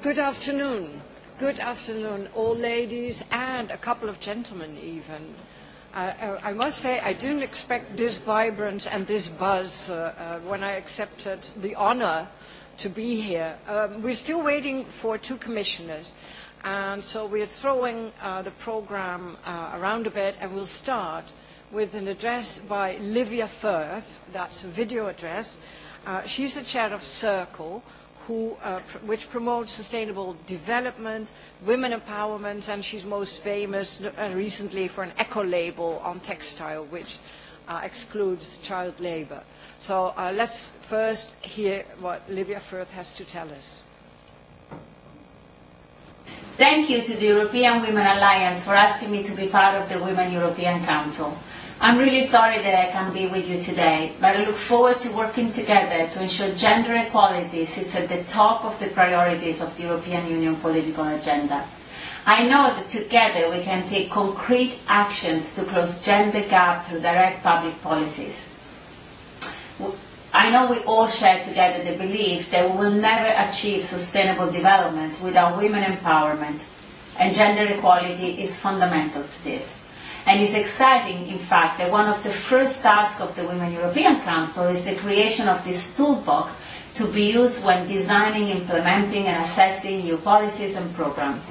Good afternoon. Good afternoon, all ladies and a couple of gentlemen even. I must say I didn't expect this vibrance and this buzz when I accepted the honor to be here. We're still waiting for two commissioners, and so we're throwing the program around a bit, and we'll start with an address by Livia Firth. That's a video address. She's the chair of Circle which promotes sustainable development, women empowerment, and she's most famous recently for an eco-label on textile, which excludes child labor. So let's first hear what Livia Firth has to tell us. Thank you to the European Women Alliance for asking me to be part of the Women European Council. I'm really sorry that I can't be with you today, but I look forward to working together to ensure gender equality sits at the top of the priorities of the European Union political agenda. I know that together we can take concrete actions to close gender gap through direct public policies. I know we all share together the belief that we will never achieve sustainable development without women empowerment, and gender equality is fundamental to this. And it's exciting, in fact, that one of the first tasks of the Women European Council is the creation of this toolbox to be used when designing, implementing and assessing new policies and programs.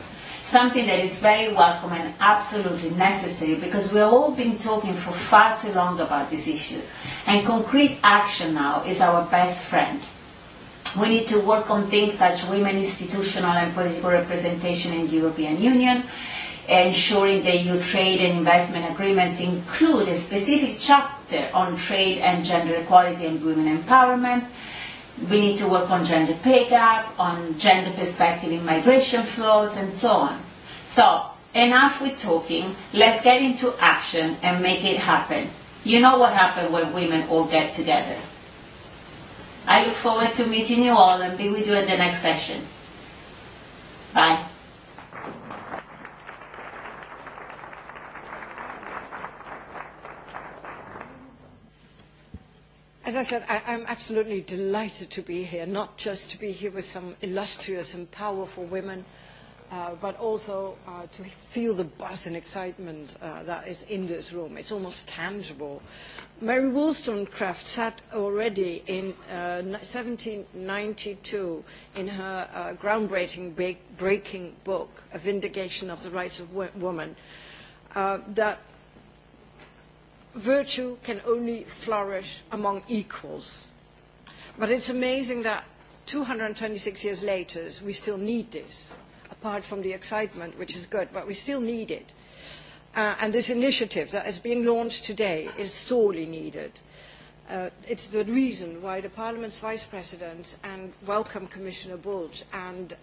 Something that is very welcome and absolutely necessary because we have all been talking for far too long about these issues. And concrete action now is our best friend. We need to work on things such as women institutional and political representation in the European Union ensuring that EU trade and investment agreements include a specific chapter on trade and gender equality and women empowerment. We need to work on gender pay gap, on gender perspective in migration flows, and so on. So, enough with talking, let's get into action and make it happen. You know what happens when women all get together. I look forward to meeting you all and be with you at the next session. Bye. As I said, I, I'm absolutely delighted to be here, not just to be here with some illustrious and powerful women, but also to feel the buzz and excitement that is in this room. It's almost tangible. Mary Wollstonecraft sat already in 1792 in her groundbreaking, breaking book, A Vindication of the Rights of Woman, that virtue can only flourish among equals. But it's amazing that 226 years later we still need this, apart from the excitement, which is good, but we still need it. And this initiative that is being launched today is sorely needed. It's the reason why the Parliament's Vice President and welcome Commissioner Bulge and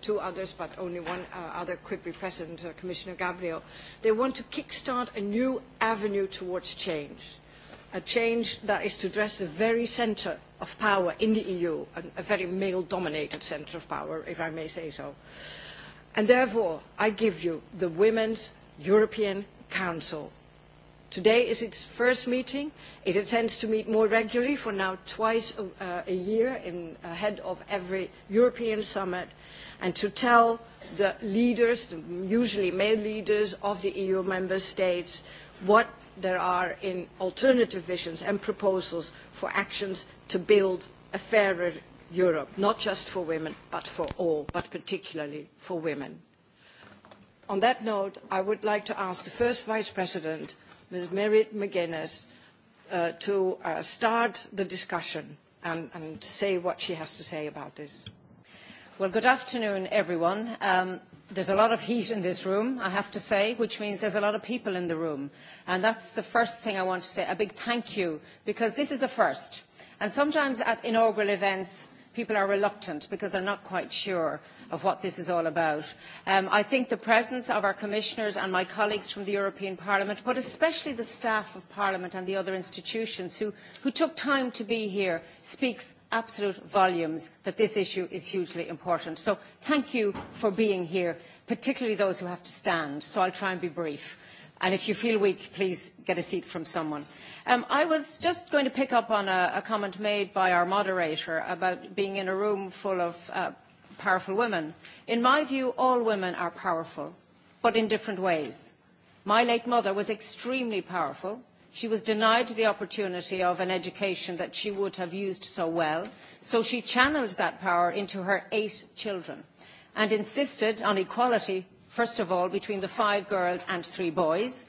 two others, but only one other could be present, Commissioner Gabriel, they want to kick start a new avenue towards change, a change that is to address the very centre of power in the EU, a very male-dominated centre of power, if I may say so. And therefore, I give you the Women's European Council Today is its first meeting. It intends to meet more regularly for now twice a year ahead of every European summit and to tell the leaders, usually male leaders of the EU member states, what there are in alternative visions and proposals for actions to build a fairer Europe, not just for women, but for all, but particularly for women. On that note, I would like to ask the first Vice President Ms. Merit McGuinness to start the discussion and say what she has to say about this. Well, good afternoon, everyone. There's a lot of heat in this room, I have to say, which means there's a lot of people in the room. And that's the first thing I want to say, a big thank you, because this is a first. And sometimes at inaugural events, people are reluctant because they're not quite sure of what this is all about. I think the presence of our commissioners and my colleagues from the European Parliament, but especially the staff of Parliament and the other institutions who took time to be here, speaks absolute volumes that this issue is hugely important. So thank you for being here, particularly those who have to stand. So I'll try and be brief. And if you feel weak, please get a seat from someone. I was just going to pick up on a comment made by our moderator about being in a room full of powerful women. In my view, all women are powerful, but in different ways. My late mother was extremely powerful. She was denied the opportunity of an education that she would have used so well, so she channeled that power into her eight children and insisted on equality, first of all, between the five girls and three boys,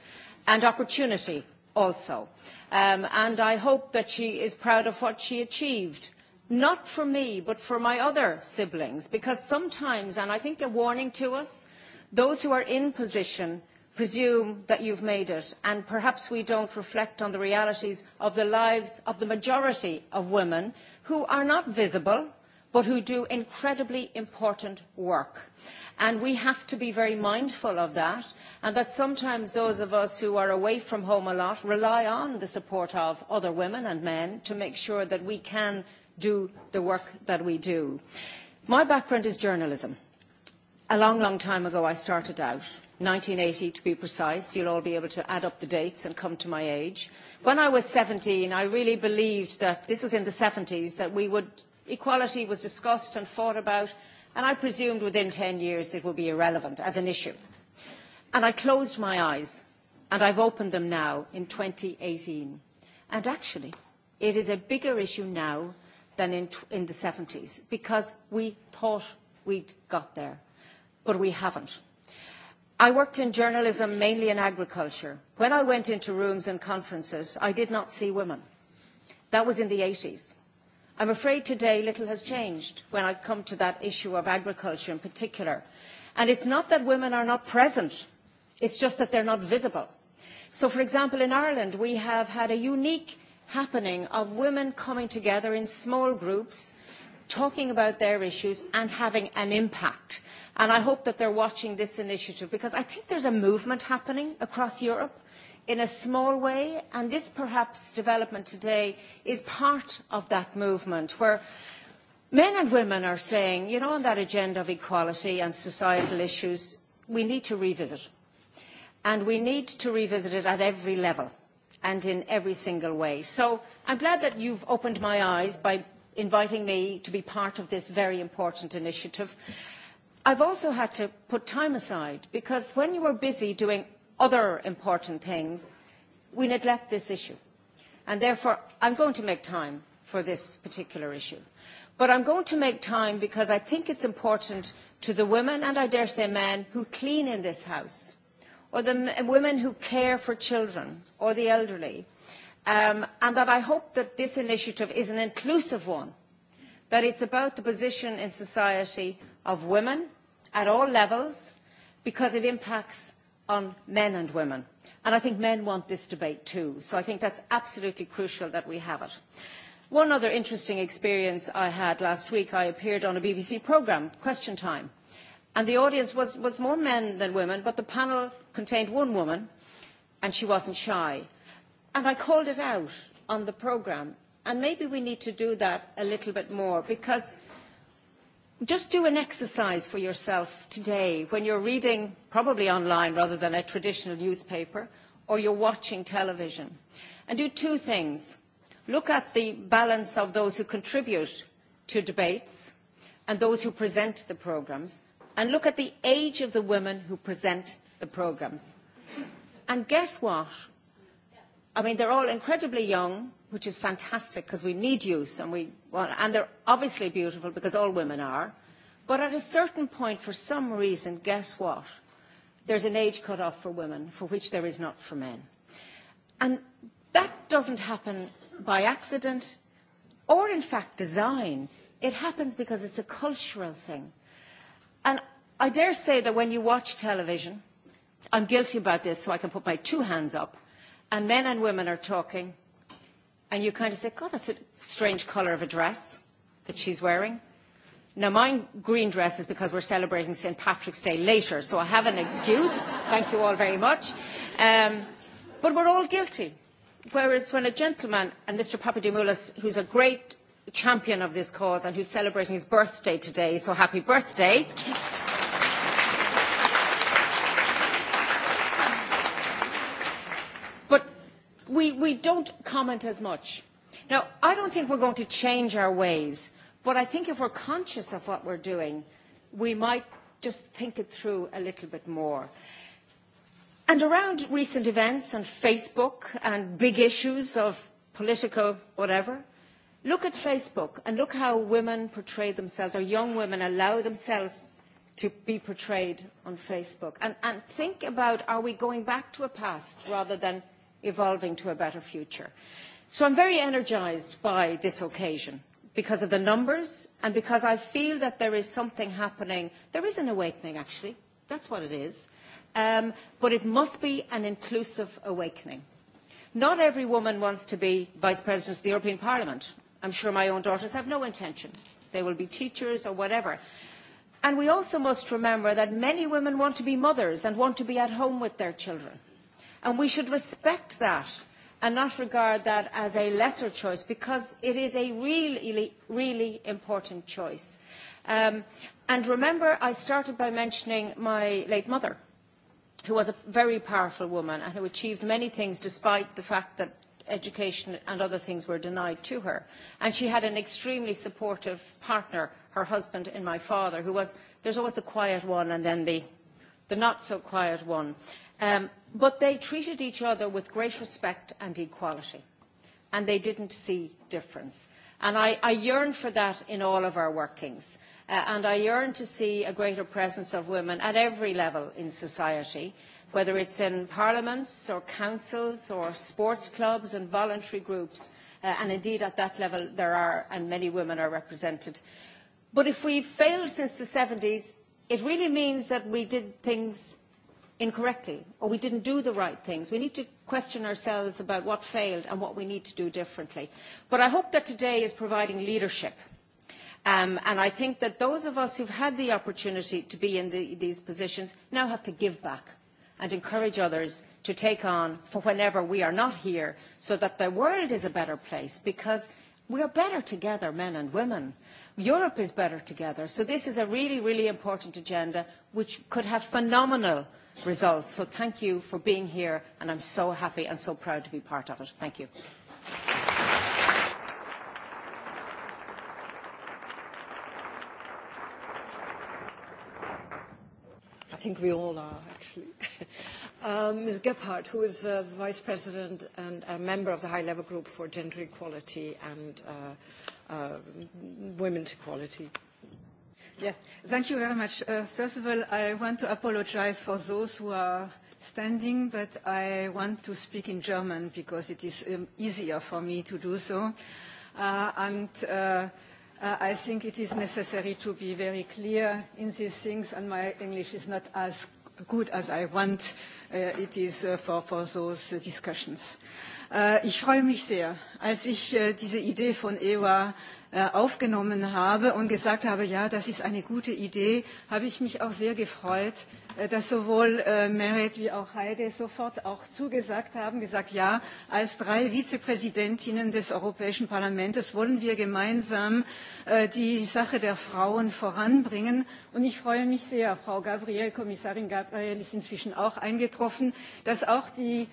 and opportunity also. And I hope that she is proud of what she achieved not for me but for my other siblings because sometimes and i think a warning to us those who are in position presume that you've made it and perhaps we don't reflect on the realities of the lives of the majority of women who are not visible but who do incredibly important work and we have to be very mindful of that and that sometimes those of us who are away from home a lot rely on the support of other women and men to make sure that we can do the work that we do. My background is journalism. A long, long time ago I started out, 1980 to be precise. You'll all be able to add up the dates and come to my age. When I was 17, I really believed that, this was in the 70s, that we would, equality was discussed and fought about, and I presumed within 10 years it would be irrelevant as an issue. And I closed my eyes, and I've opened them now in 2018. And actually, it is a bigger issue now than in the 70s because we thought we'd got there, but we haven't. I worked in journalism, mainly in agriculture. When I went into rooms and conferences, I did not see women. That was in the 80s. I'm afraid today little has changed when I come to that issue of agriculture in particular. And it's not that women are not present. It's just that they're not visible. So, for example, in Ireland, we have had a unique happening of women coming together in small groups talking about their issues and having an impact and i hope that they're watching this initiative because i think there's a movement happening across europe in a small way and this perhaps development today is part of that movement where men and women are saying you know on that agenda of equality and societal issues we need to revisit and we need to revisit it at every level and in every single way. So I'm glad that you've opened my eyes by inviting me to be part of this very important initiative. I've also had to put time aside because when you are busy doing other important things, we neglect this issue. And therefore, I'm going to make time for this particular issue. But I'm going to make time because I think it's important to the women, and I dare say men, who clean in this house or the women who care for children or the elderly. And that I hope that this initiative is an inclusive one, that it's about the position in society of women at all levels, because it impacts on men and women. And I think men want this debate too. So I think that's absolutely crucial that we have it. One other interesting experience I had last week, I appeared on a BBC programme, Question Time. And the audience was more men than women, but the panel contained one woman and she wasn't shy. And I called it out on the programme. And maybe we need to do that a little bit more because just do an exercise for yourself today when you're reading, probably online rather than a traditional newspaper, or you're watching television. And do two things. Look at the balance of those who contribute to debates and those who present the programmes, and look at the age of the women who present the programmes. And guess what? I mean, they're all incredibly young, which is fantastic because we need youth and we well, and they're obviously beautiful because all women are. But at a certain point, for some reason, guess what? There's an age cut off for women for which there is not for men. And that doesn't happen by accident or, in fact, design. It happens because it's a cultural thing. And I dare say that when you watch television – I'm guilty about this, so I can put my two hands up. And men and women are talking, and you kind of say, God, that's a strange colour of a dress that she's wearing. Now, my green dress is because we're celebrating St. Patrick's Day later, so I have an excuse. Thank you all very much. Um, but we're all guilty. Whereas when a gentleman, and Mr. Papadimoulis, who's a great champion of this cause and who's celebrating his birthday today, so happy birthday. we don't comment as much. Now, I don't think we're going to change our ways, but I think if we're conscious of what we're doing, we might just think it through a little bit more. And around recent events and Facebook and big issues of political whatever, look at Facebook and look how women portray themselves, or young women allow themselves to be portrayed on Facebook. And think about, are we going back to a past rather than evolving to a better future. So I'm very energised by this occasion because of the numbers and because I feel that there is something happening. There is an awakening, actually. That's what it is. But it must be an inclusive awakening. Not every woman wants to be Vice President of the European Parliament. I'm sure my own daughters have no intention. They will be teachers or whatever. And we also must remember that many women want to be mothers and want to be at home with their children and we should respect that and not regard that as a lesser choice because it is a really really important choice and remember i started by mentioning my late mother who was a very powerful woman and who achieved many things despite the fact that education and other things were denied to her and she had an extremely supportive partner her husband and my father who was there's always the quiet one and then the the not so quiet one But they treated each other with great respect and equality, and they didn't see difference. And I yearn for that in all of our workings, and I yearn to see a greater presence of women at every level in society, whether it's in parliaments or councils or sports clubs and voluntary groups, and indeed at that level there are, and many women are represented. But if we've failed since the 70s, it really means that we did things incorrectly or we didn't do the right things. We need to question ourselves about what failed and what we need to do differently. But I hope that today is providing leadership. And I think that those of us who've had the opportunity to be in these positions now have to give back and encourage others to take on for whenever we are not here so that the world is a better place because we are better together, men and women. Europe is better together. So this is a really, really important agenda which could have phenomenal results. So thank you for being here, and I'm so happy and so proud to be part of it. Thank you. I think we all are, actually. Ms. Gebhardt, who is Vice President and a member of the High Level Group for Gender Equality and Women's Equality. Thank you very much. First of all, I want to apologize for those who are standing, but I want to speak in German because it is easier for me to do so. And I think it is necessary to be very clear in these things, and my English is not as good as I want it is for those discussions. Ich freue mich sehr. Als ich diese Idee von EWA aufgenommen habe und gesagt habe, ja, das ist eine gute Idee, habe ich mich auch sehr gefreut, dass sowohl Meret wie auch Heide sofort auch zugesagt haben, gesagt, ja, als drei Vizepräsidentinnen des Europäischen Parlaments wollen wir gemeinsam die Sache der Frauen voranbringen. Und ich freue mich sehr, Frau Gabriel, Kommissarin Gabriel ist inzwischen auch eingetroffen, dass auch die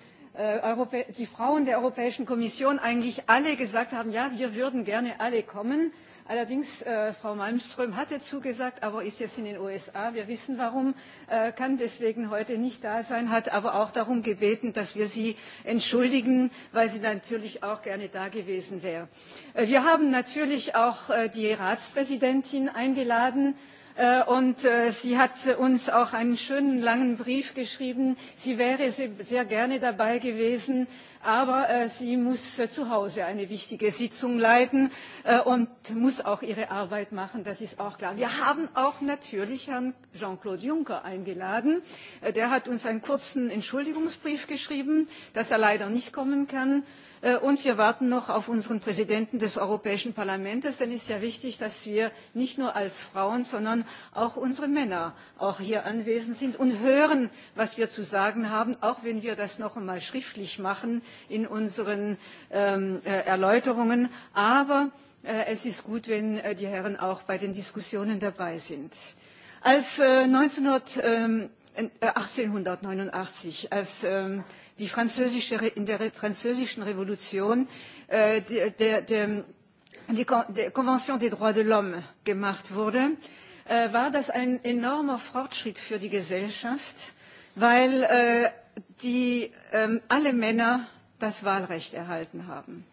die Frauen der Europäischen Kommission eigentlich alle gesagt haben, ja, wir würden gerne alle kommen. Allerdings, Frau Malmström hatte zugesagt, aber ist jetzt in den USA. Wir wissen warum, kann deswegen heute nicht da sein, hat aber auch darum gebeten, dass wir sie entschuldigen, weil sie natürlich auch gerne da gewesen wäre. Wir haben natürlich auch die Ratspräsidentin eingeladen und sie hat uns auch einen schönen langen brief geschrieben sie wäre sehr gerne dabei gewesen aber sie muss zu hause eine wichtige sitzung leiten und muss auch ihre arbeit machen das ist auch klar. wir haben auch natürlich herrn jean claude juncker eingeladen der hat uns einen kurzen entschuldigungsbrief geschrieben dass er leider nicht kommen kann Und wir warten noch auf unseren Präsidenten des Europäischen Parlaments, denn es ist ja wichtig, dass wir nicht nur als Frauen, sondern auch unsere Männer auch hier anwesend sind und hören, was wir zu sagen haben, auch wenn wir das noch einmal schriftlich machen in unseren Erläuterungen. Aber es ist gut, wenn die Herren auch bei den Diskussionen dabei sind. Als 1989, als die französische in der französischen revolution die konvention des droits de l'homme gemacht wurde war das ein enormer fortschritt für die gesellschaft weil alle männer das wahlrecht erhalten haben.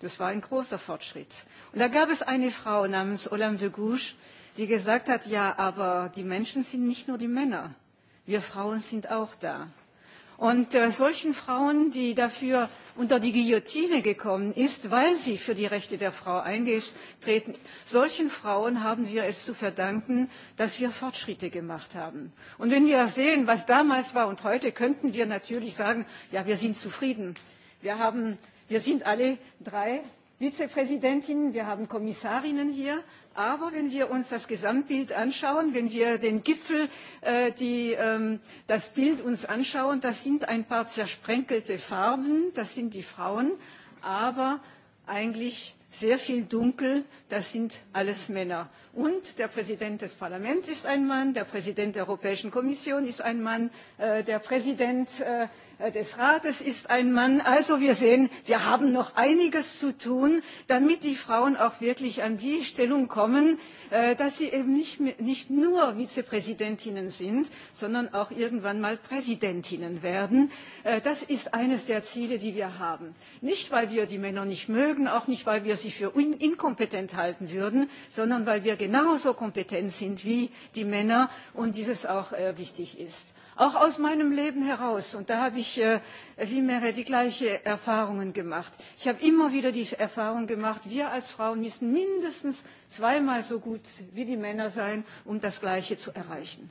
das war ein großer fortschritt. und da gab es eine frau namens olympe de Gouche, die gesagt hat ja aber die menschen sind nicht nur die männer wir frauen sind auch da. Und solchen Frauen, die dafür unter die Guillotine gekommen sind, weil sie für die Rechte der Frau eingetreten sind, solchen Frauen haben wir es zu verdanken, dass wir Fortschritte gemacht haben. Und wenn wir sehen, was damals war und heute, könnten wir natürlich sagen, ja, wir sind zufrieden. Wir sind alle drei Vizepräsidentinnen, wir haben Kommissarinnen hier. Aber wenn wir uns das Gesamtbild anschauen, wenn wir den Gipfel, das Bild anschauen, das sind ein paar zersprenkelte Farben, das sind die Frauen, aber eigentlich sehr viel dunkel, das sind alles Männer. Und der Präsident des Parlaments ist ein Mann, der Präsident der Europäischen Kommission ist ein Mann, der Präsident des Rates ist ein Mann. Also wir sehen, wir haben noch einiges zu tun, damit die Frauen auch wirklich an die Stellung kommen, dass sie eben nicht nur Vizepräsidentinnen sind, sondern auch irgendwann mal Präsidentinnen werden. Das ist eines der Ziele, die wir haben. Nicht, weil wir die Männer nicht mögen, auch nicht, weil wir sie für inkompetent halten würden, sondern weil wir genauso kompetent sind wie die Männer und dieses auch wichtig ist auch aus meinem Leben heraus, und da habe ich wie mehrere die gleichen Erfahrungen gemacht. Ich habe immer wieder die Erfahrung gemacht, wir als Frauen müssen mindestens zweimal so gut wie die Männer sein, um das Gleiche zu erreichen.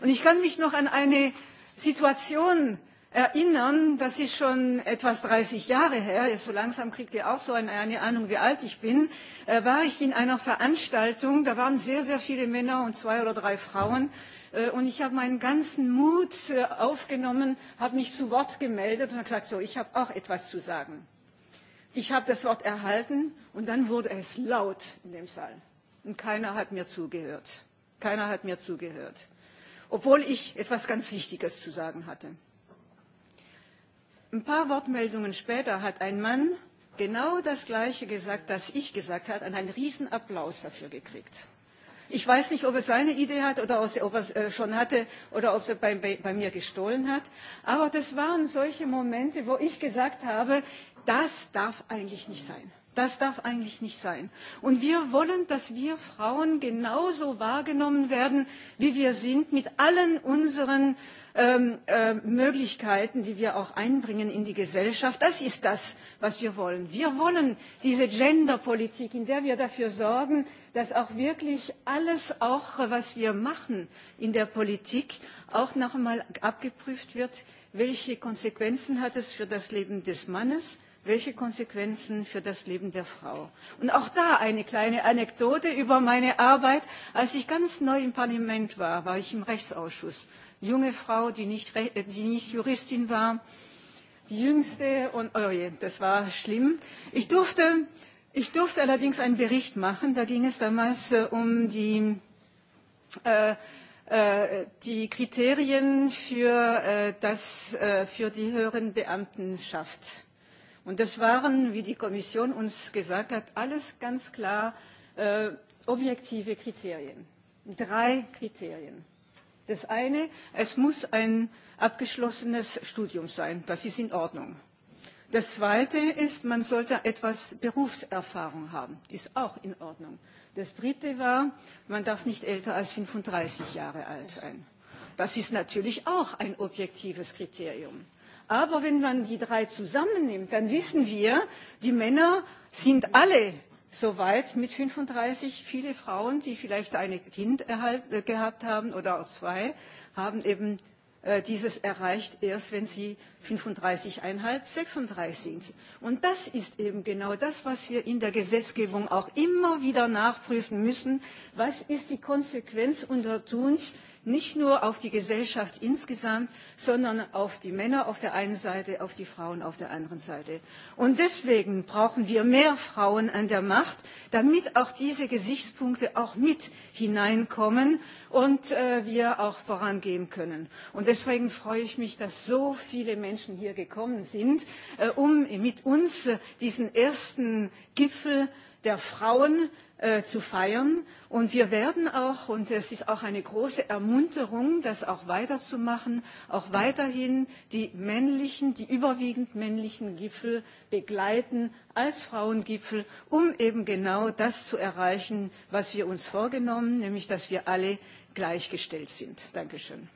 Und ich kann mich noch an eine Situation erinnern, das ist schon etwas 30 Jahre her, so langsam kriegt ihr auch so eine Ahnung, wie alt ich bin, war ich in einer Veranstaltung, da waren sehr, sehr viele Männer und zwei oder drei Frauen, Und ich habe meinen ganzen Mut aufgenommen, habe mich zu Wort gemeldet und gesagt, so, ich habe auch etwas zu sagen. Ich habe das Wort erhalten und dann wurde es laut in dem Saal. Und keiner hat mir zugehört. Keiner hat mir zugehört. Obwohl ich etwas ganz Wichtiges zu sagen hatte. Ein paar Wortmeldungen später hat ein Mann genau das Gleiche gesagt, das ich gesagt habe, und einen Riesenapplaus dafür gekriegt. Ich weiß nicht, ob er seine Idee hat oder ob er es schon hatte oder ob er bei mir gestohlen hat. Aber das waren solche Momente, wo ich gesagt habe, das darf eigentlich nicht sein. Das darf eigentlich nicht sein. Und wir wollen, dass wir Frauen genauso wahrgenommen werden, wie wir sind, mit allen unseren Möglichkeiten, die wir auch einbringen in die Gesellschaft. Das ist das, was wir wollen. Wir wollen diese Genderpolitik, in der wir dafür sorgen, dass auch wirklich alles, was wir in der Politik, auch noch einmal abgeprüft wird, welche Konsequenzen hat es für das Leben des Mannes welche Konsequenzen für das Leben der Frau. Und auch da eine kleine Anekdote über meine Arbeit. Als ich ganz neu im Parlament war, war ich im Rechtsausschuss. Junge Frau, die nicht Juristin war, die jüngste und oh je, das war schlimm. Ich durfte ich durfte allerdings einen bericht machen da ging es damals um die kriterien für die höheren beamtenschaft Und das waren, wie die Kommission uns gesagt hat, alles ganz klar objektive Kriterien. Drei Kriterien. Das eine, es muss ein abgeschlossenes Studium sein. Das ist in Ordnung. Das zweite ist, man sollte etwas Berufserfahrung haben. das Ist auch in Ordnung. Das dritte war, man darf nicht älter als 35 Jahre alt sein. Das ist natürlich auch ein objektives Kriterium aber wenn man die drei zusammennimmt dann wissen wir die männer sind alle soweit mit 35 viele frauen die vielleicht ein kind gehabt haben oder auch zwei haben eben dieses erreicht erst wenn sie 35 36 sind und das ist eben genau das was wir in der gesetzgebung auch immer wieder nachprüfen müssen was ist die konsequenz unter tuns nicht nur auf die Gesellschaft insgesamt, sondern auf die Männer auf der einen Seite, auf die Frauen auf der anderen Seite. Und deswegen brauchen wir mehr Frauen an der Macht, damit auch diese Gesichtspunkte auch mit hineinkommen und wir auch vorangehen können. Und deswegen freue ich mich, dass so viele Menschen hier gekommen sind, um mit uns diesen ersten Gipfel der Frauen zu feiern. Und wir werden auch, und es ist auch eine große Ermunterung, das auch weiterzumachen, auch weiterhin die männlichen, die überwiegend männlichen Gipfel begleiten als Frauengipfel, um eben genau das zu erreichen, was wir uns vorgenommen, nämlich dass wir alle gleichgestellt sind. Dankeschön.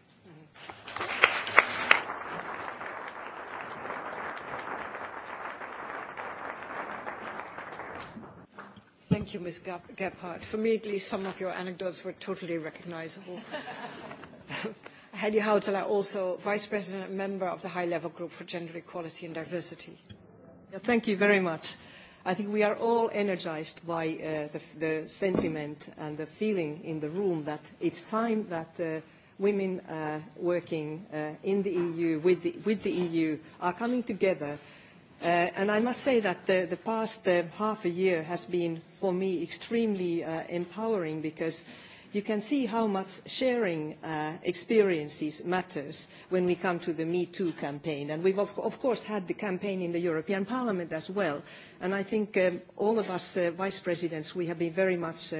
Thank you, Ms. Gephardt. For me, at least, some of your anecdotes were totally recognizable. Hedy Hautala, also Vice President and Member of the High Level Group for Gender Equality and Diversity. Thank you very much. I think we are all energized by the sentiment and the feeling in the room that it's time that women working in the EU, with the EU, are coming together And I must say that the past half a year has been, for me, extremely empowering because you can see how much sharing experiences matters when we come to the Me Too campaign. And we've, of course, had the campaign in the European Parliament as well. And I think all of us vice presidents, we have been very much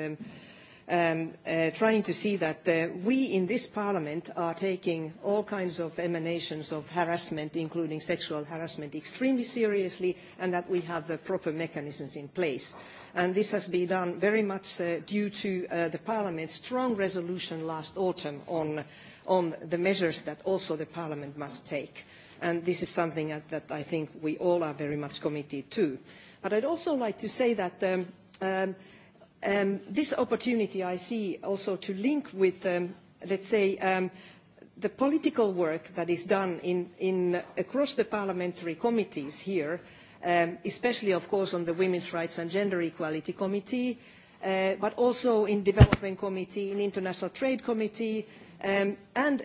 trying to see that we in this parliament are taking all kinds of emanations of harassment, including sexual harassment, extremely seriously and that we have the proper mechanisms in place. And this has been done very much due to the parliament's strong resolution last autumn on the measures that also the parliament must take. And this is something that I think we all are very much committed to. But I'd also like to say that This opportunity I see also to link with, let's say, the political work that is done across the parliamentary committees here, especially, of course, on the Women's Rights and Gender Equality Committee, but also in Development Committee, in International Trade Committee, and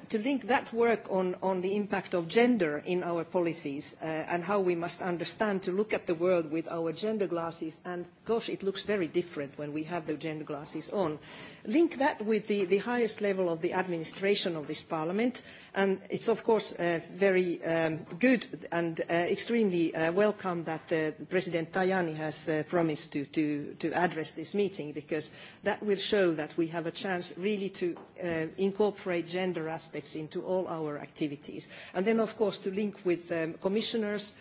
to link that work on the impact of gender in our policies and how we must understand to look at the world with our gender glasses and gosh it looks very different when we have the gender glasses on link that with the highest level of the administration of this parliament and it's of course very good and extremely welcome that president tajani has promised to address this meeting because that will show that we have a chance really to incorporate incorporate gender aspects into all our activities. And then, of course, to link with commissioners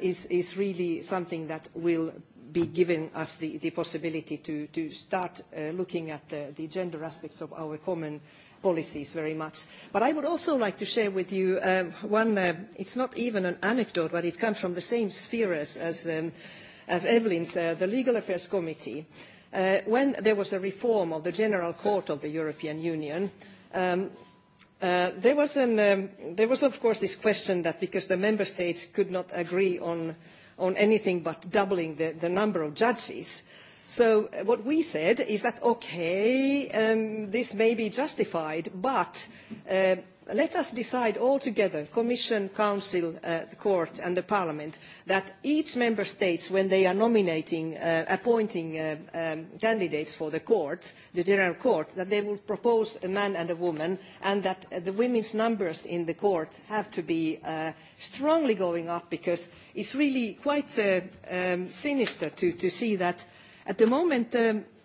is really something that will be giving us the possibility to start looking at the gender aspects of our common policies very much. But I would also like to share with you one, it's not even an anecdote, but it comes from the same sphere as Evelyn's, the Legal Affairs Committee. When there was a reform of the General Court of the European Union, There was, of course, this question that because the member states could not agree on anything but doubling the number of judges, so what we said is that, okay, this may be justified, but let us decide all together commission council the court and parliament that each member state when they are nominating appointing candidates for the court the general court that they will propose a man and a woman and that the women's numbers in the court have to be strongly going up because is really quite sinister to see that at the moment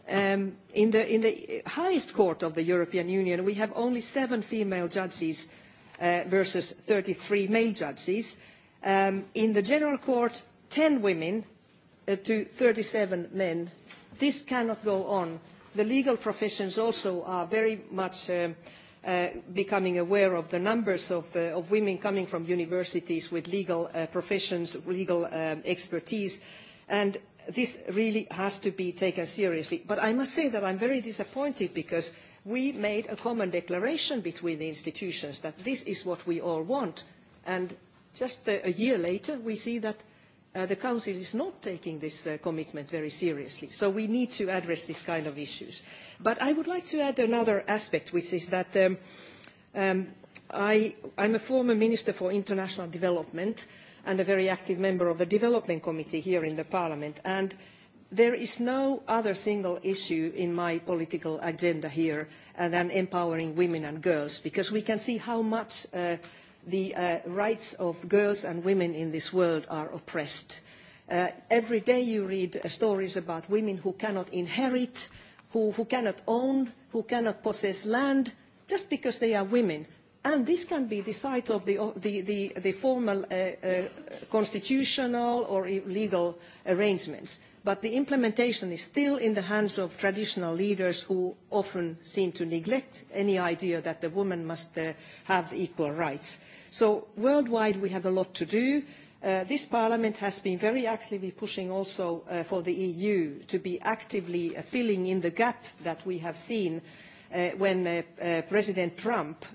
In the highest court of the European Union, we have only seven female judges versus 33 male judges. In the General Court, 10 women to 37 men. This cannot go on. The legal professions also are very much becoming aware of the numbers of women coming from universities with legal professions, legal expertise, and this really has to be taken seriously. But I must say that I'm very disappointed because we made a common declaration between the institutions that this is what we all want. And just a year later, we see that the Council is not taking this commitment very seriously. So we need to address this kind of issues. But I would like to add another aspect, which is that I am a former Minister for International Development and a very active member of the Development Committee here in the Parliament. And there is no other single issue in my political agenda here than empowering women and girls, because we can see how much the rights of girls and women in this world are oppressed. Every day you read stories about women who cannot inherit, who cannot own, who cannot possess land, just because they are women and this can be the site of the formal constitutional or legal arrangements but the implementation is still in the hands of traditional leaders who often seem to neglect any idea that the woman must have equal rights. so worldwide we have a lot to do. this parliament has been very actively pushing also for the eu to be actively filling in the gap that we have seen when President Trump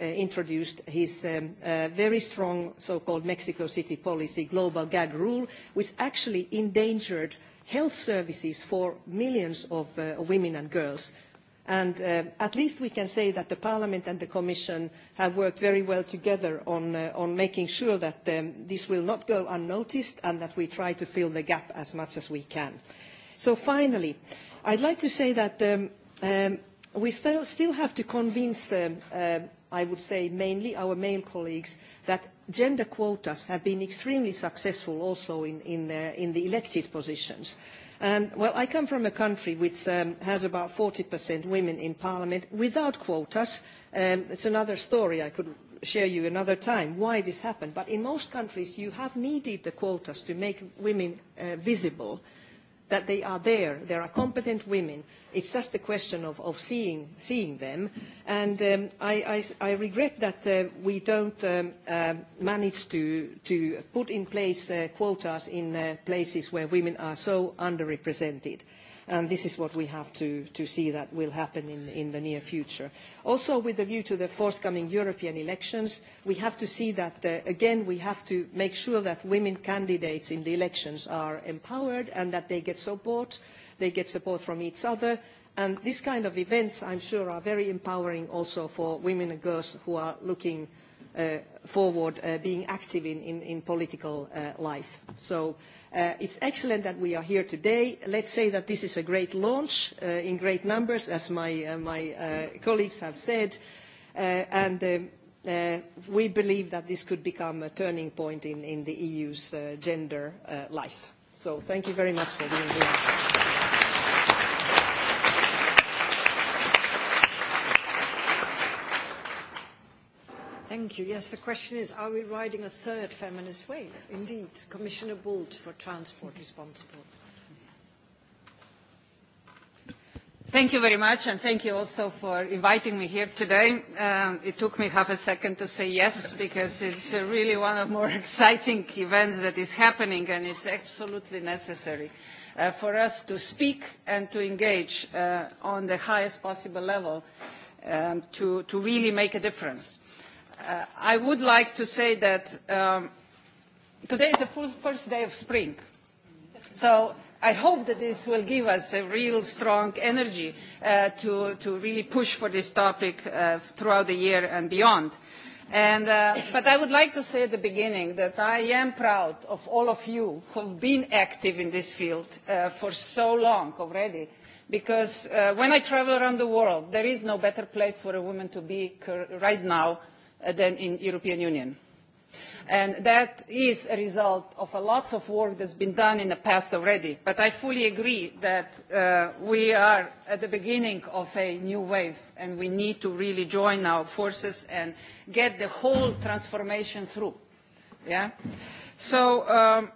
introduced his very strong so-called Mexico City policy, global gag rule, which actually endangered health services for millions of women and girls. And at least we can say that the Parliament and the Commission have worked very well together on making sure that this will not go unnoticed and that we try to fill the gap as much as we can. So finally, I'd like to say that we still have to convince i would say mainly our male colleagues that gender quotas have been extremely successful also in the elected positions. well i come from a country which has about 40% women in parliament without quotas. it's another story i could share you another time why this happened but in most countries you have needed the quotas to make women visible that they are there. There are competent women. It's just a question of seeing them. And I regret that we don't manage to put in place quotas in places where women are so underrepresented and this is what we have to see that will happen in the near future. Also with a view to the forthcoming European elections, we have to see that again we have to make sure that women candidates in the elections are empowered and that they get support, they get support from each other and these kind of events I'm sure are very empowering also for women and girls who are looking forward being active in political life. So it's excellent that we are here today. Let's say that this is a great launch in great numbers, as my colleagues have said, and we believe that this could become a turning point in the EU's gender life. So thank you very much for being here. you. Yes, the question is, are we riding a third feminist wave? Indeed. Commissioner Bolt for Transport Responsible. Thank you very much, and thank you also for inviting me here today. It took me half a second to say yes, because it's really one of the more exciting events that is happening, and it's absolutely necessary for us to speak and to engage on the highest possible level to really make a difference I would like to say that today is the first day of spring. So I hope that this will give us a real strong energy to really push for this topic throughout the year and beyond. But I would like to say at the beginning that I am proud of all of you who have been active in this field for so long already, because when I travel around the world, there is no better place for a woman to be right now than in the European Union. And that is a result of a lot of work that has been done in the past already. But I fully agree that we are at the beginning of a new wave and we need to really join our forces and get the whole transformation through. So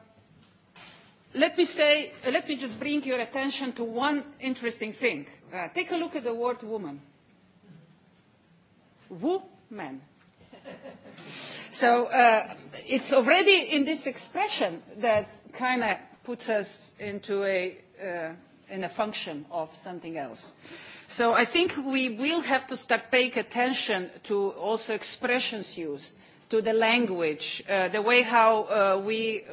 let me say, let me just bring your attention to one interesting thing. Take a look at the word woman. Woman So it's already in this expression that kind of puts us into a in a function of something else. So I think we will have to start paying attention to also expressions used, to the language, the way how we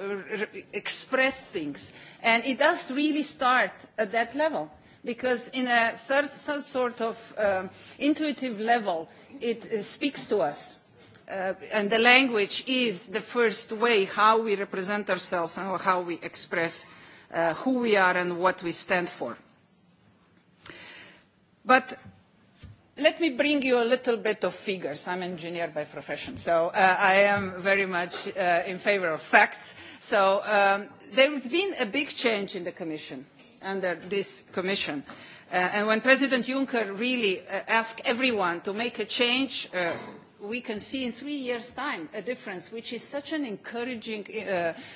express things. And it does really start at that level, because in a some sort of intuitive level, it speaks to us and the language is the first way how we represent ourselves and how we express who we are and what we stand for. But let me bring you a little bit of figures. I'm an engineer by profession, so I am very much in favor of facts. So there has been a big change in the Commission, under this Commission. And when President Juncker really asked everyone to make a change, we can see in three years' time a difference, which is such an encouraging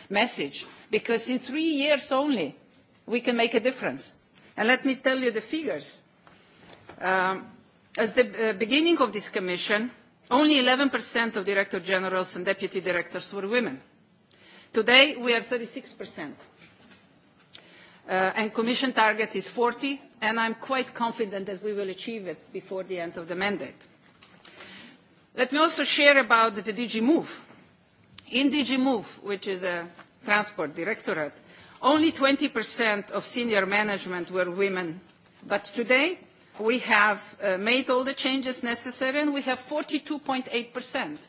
message, because in three years only we can make a difference. And let me tell you the figures. At the beginning of this Commission, only 11% of Director Generals and Deputy Directors were women. Today, we are 36%. And Commission target is 40, and I'm quite confident that we will achieve it before the end of the mandate. Let me also share about the DG Move. In DG Move, which is a Transport Directorate, only 20% of senior management were women. But today, we have made all the changes necessary, and we have 42.8%.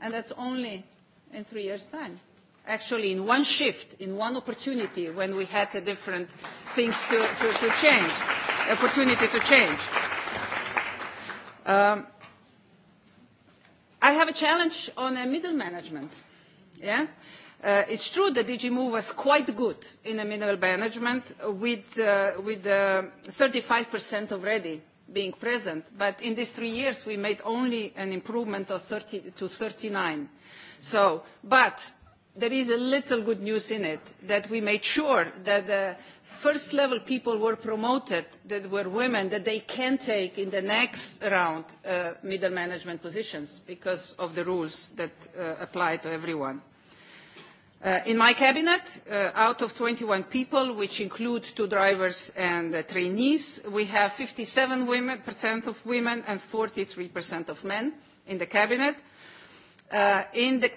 And that's only in three years' time. Actually, in one shift, in one opportunity, when we had the different things to change, opportunity to change. I have a challenge on middle management. Yeah, it's true that DG Move was quite good in the middle management, with with 35% already being present. But in these three years, we made only an improvement of 30 to 39. So, but there is a little good news in it that we made sure that first level people were promoted that were women that they can take in the next round middle management positions because of the rules that apply to everyone. In my cabinet, out of 21 people, which include two drivers and trainees, we have 57% of women and 43% of men in the cabinet. In the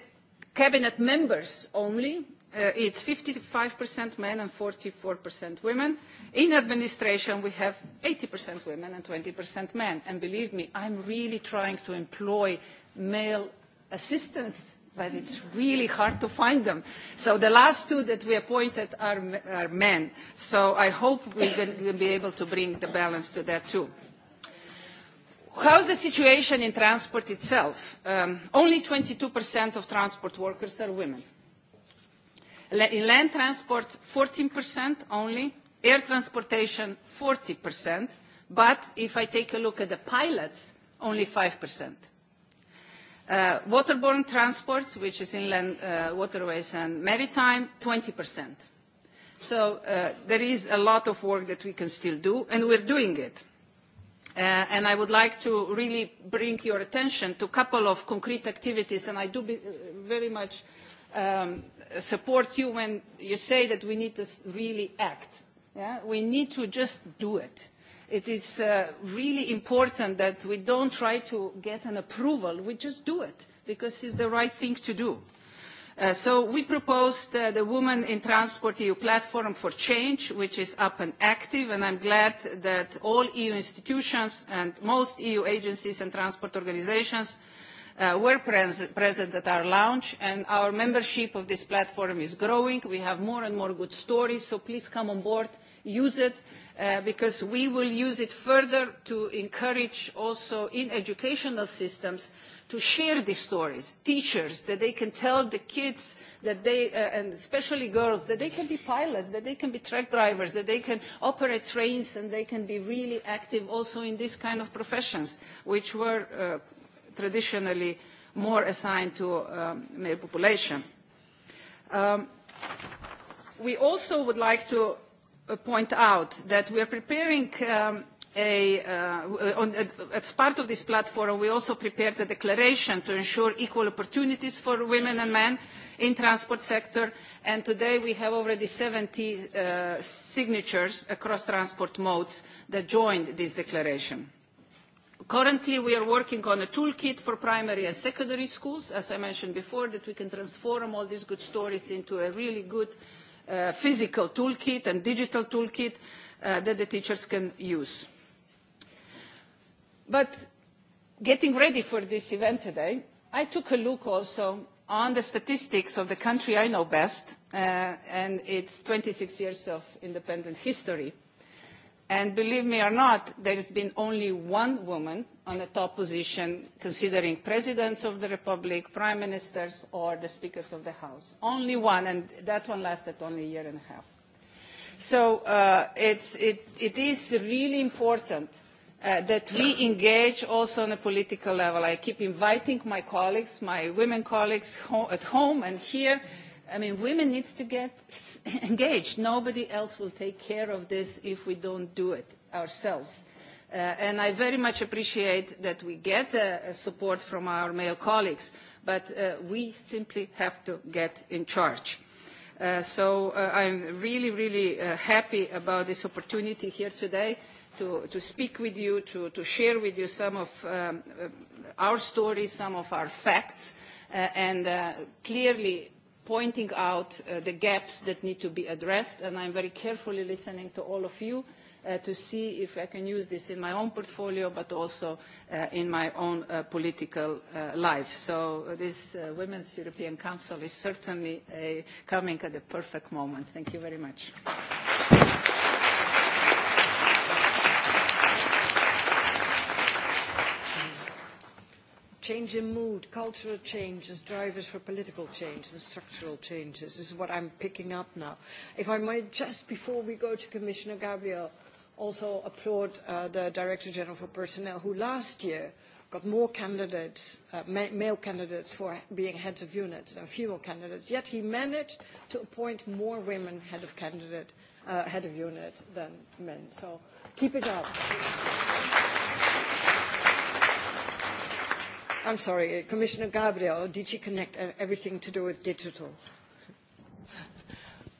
cabinet members only, it's 55% men and 44% women. In administration, we have 80% women and 20% men. And believe me, I'm really trying to employ male assistants, but it's really hard to find them. So the last two that we appointed are men. So I hope we will be able to bring the balance to that too. How is the situation in transport itself? Only 22% of transport workers are women In land transport, 14% only. Air transportation, 40%. But if I take a look at the pilots, only 5%. Waterborne transports, which is inland waterways and maritime, 20%. So there is a lot of work that we can still do, and we're doing it. And I would like to really bring your attention to a couple of concrete activities, and I do very much support you when you say that we need to really act. We need to just do it. It is really important that we don't try to get an approval. We just do it because it's the right thing to do. So we proposed the Women in Transport EU platform for change, which is up and active, and I'm glad that all EU institutions and most EU agencies and transport organisations were present at our launch, and our membership of this platform is growing. We have more and more good stories, so please come on board, use it, because we will use it further to encourage also in educational systems to share these stories, teachers, that they can tell the kids that they, and especially girls, that they can be pilots, that they can be truck drivers, that they can operate trains, and they can be really active also in these kind of professions, which were traditionally more assigned to male population. We also would like to point out that we are preparing a, as part of this platform, we also prepared a declaration to ensure equal opportunities for women and men in transport sector, and today we have already 70 signatures across transport modes that joined this declaration. Currently, we are working on a toolkit for primary and secondary schools, as I mentioned before, that we can transform all these good stories into a really good physical toolkit and digital toolkit that the teachers can use. But getting ready for this event today, I took a look also on the statistics of the country I know best, and its 26 years of independent history. And believe me or not, there has been only one woman on a top position, considering presidents of the republic, prime ministers, or the speakers of the house. Only one, and that one lasted only a year and a half. So it is really important that we engage also on a political level. I keep inviting my colleagues, my women colleagues at home and here I mean, women need to get engaged. Nobody else will take care of this if we don't do it ourselves. And I very much appreciate that we get support from our male colleagues, but we simply have to get in charge. So I'm really, really happy about this opportunity here today to speak with you, to share with you some of our stories, some of our facts, and clearly pointing out the gaps that need to be addressed, and I am very carefully listening to all of you to see if I can use this in my own portfolio, but also in my own political life. So this Women's European Council is certainly coming at the perfect moment. Thank you very much. change in mood, cultural changes, drivers for political change and structural changes. This is what I'm picking up now. If I might, just before we go to Commissioner Gabriel, also applaud the Director General for Personnel, who last year got more candidates, male candidates for being heads of units than female candidates, yet he managed to appoint more women head of candidate, head of unit than men. So keep it up. I'm sorry, Commissioner Gabriel, DG Connect, everything to do with digital.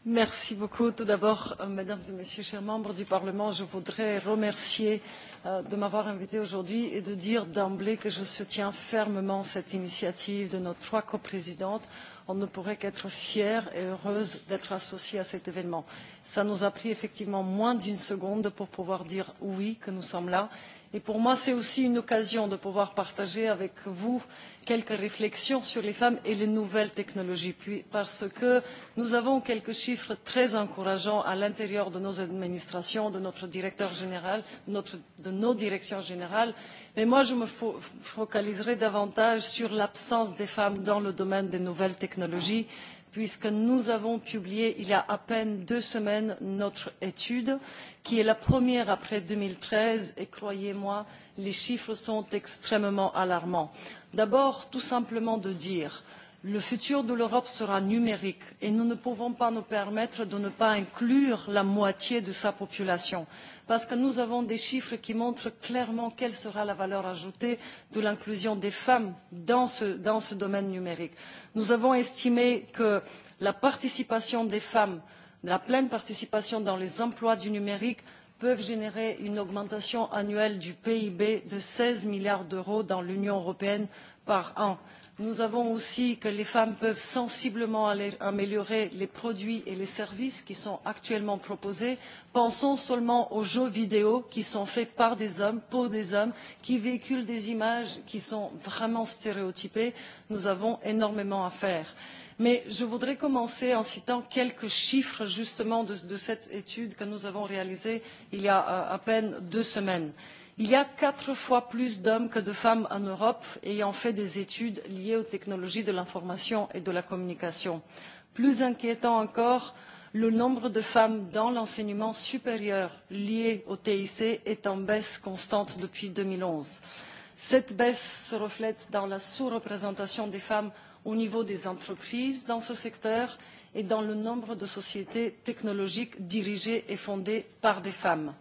Merci beaucoup. Tout d'abord, mesdames et messieurs, chers membres du Parlement, je voudrais remercier de m'avoir invité aujourd'hui et de dire d'emblée que je soutiens fermement cette initiative de nos trois coprésidentes. On ne pourrait qu'être fiers et heureuse d'être associés à cet événement. Ça nous a pris effectivement moins d'une seconde pour pouvoir dire oui que nous sommes là et pour moi c'est aussi une occasion de pouvoir partager avec vous quelques réflexions sur les femmes et les nouvelles technologies parce que nous avons quelques chiffres très encourageants à l'intérieur de nos administrations de notre directeur général de nos directions générales mais je me focaliserai davantage sur l'absence des femmes dans le domaine des nouvelles technologies puisque nous avons publié il y a à peine deux semaines notre étude, qui est la première après 2013, et croyez-moi, les chiffres sont extrêmement alarmants. D'abord, tout simplement de dire le futur de l'europe sera numérique et nous ne pouvons pas nous permettre de ne pas inclure la moitié de sa population parce que nous avons des chiffres qui montrent clairement quelle sera la valeur ajoutée de l'inclusion des femmes dans ce domaine numérique. nous avons estimé que la participation des femmes la pleine participation dans les emplois du numérique peuvent générer une augmentation annuelle du pib de 16 milliards d'euros dans l'union européenne par an. Nous avons aussi que les femmes peuvent sensiblement améliorer les produits et les services qui sont actuellement proposés. Pensons seulement aux jeux vidéo qui sont faits par des hommes, pour des hommes, qui véhiculent des images qui sont vraiment stéréotypées. Nous avons énormément à faire. Mais je voudrais commencer en citant quelques chiffres justement de cette étude que nous avons réalisée il y a à peine deux semaines. Il y a quatre fois plus d'hommes que de femmes en Europe ayant fait des études liées aux technologies de l'information et de la communication. Plus inquiétant encore, le nombre de femmes dans l'enseignement supérieur lié au TIC est en baisse constante depuis 2011. Cette baisse se reflète dans la sous-représentation des femmes au niveau des entreprises dans ce secteur et dans le nombre de sociétés technologiques dirigées et fondées par des femmes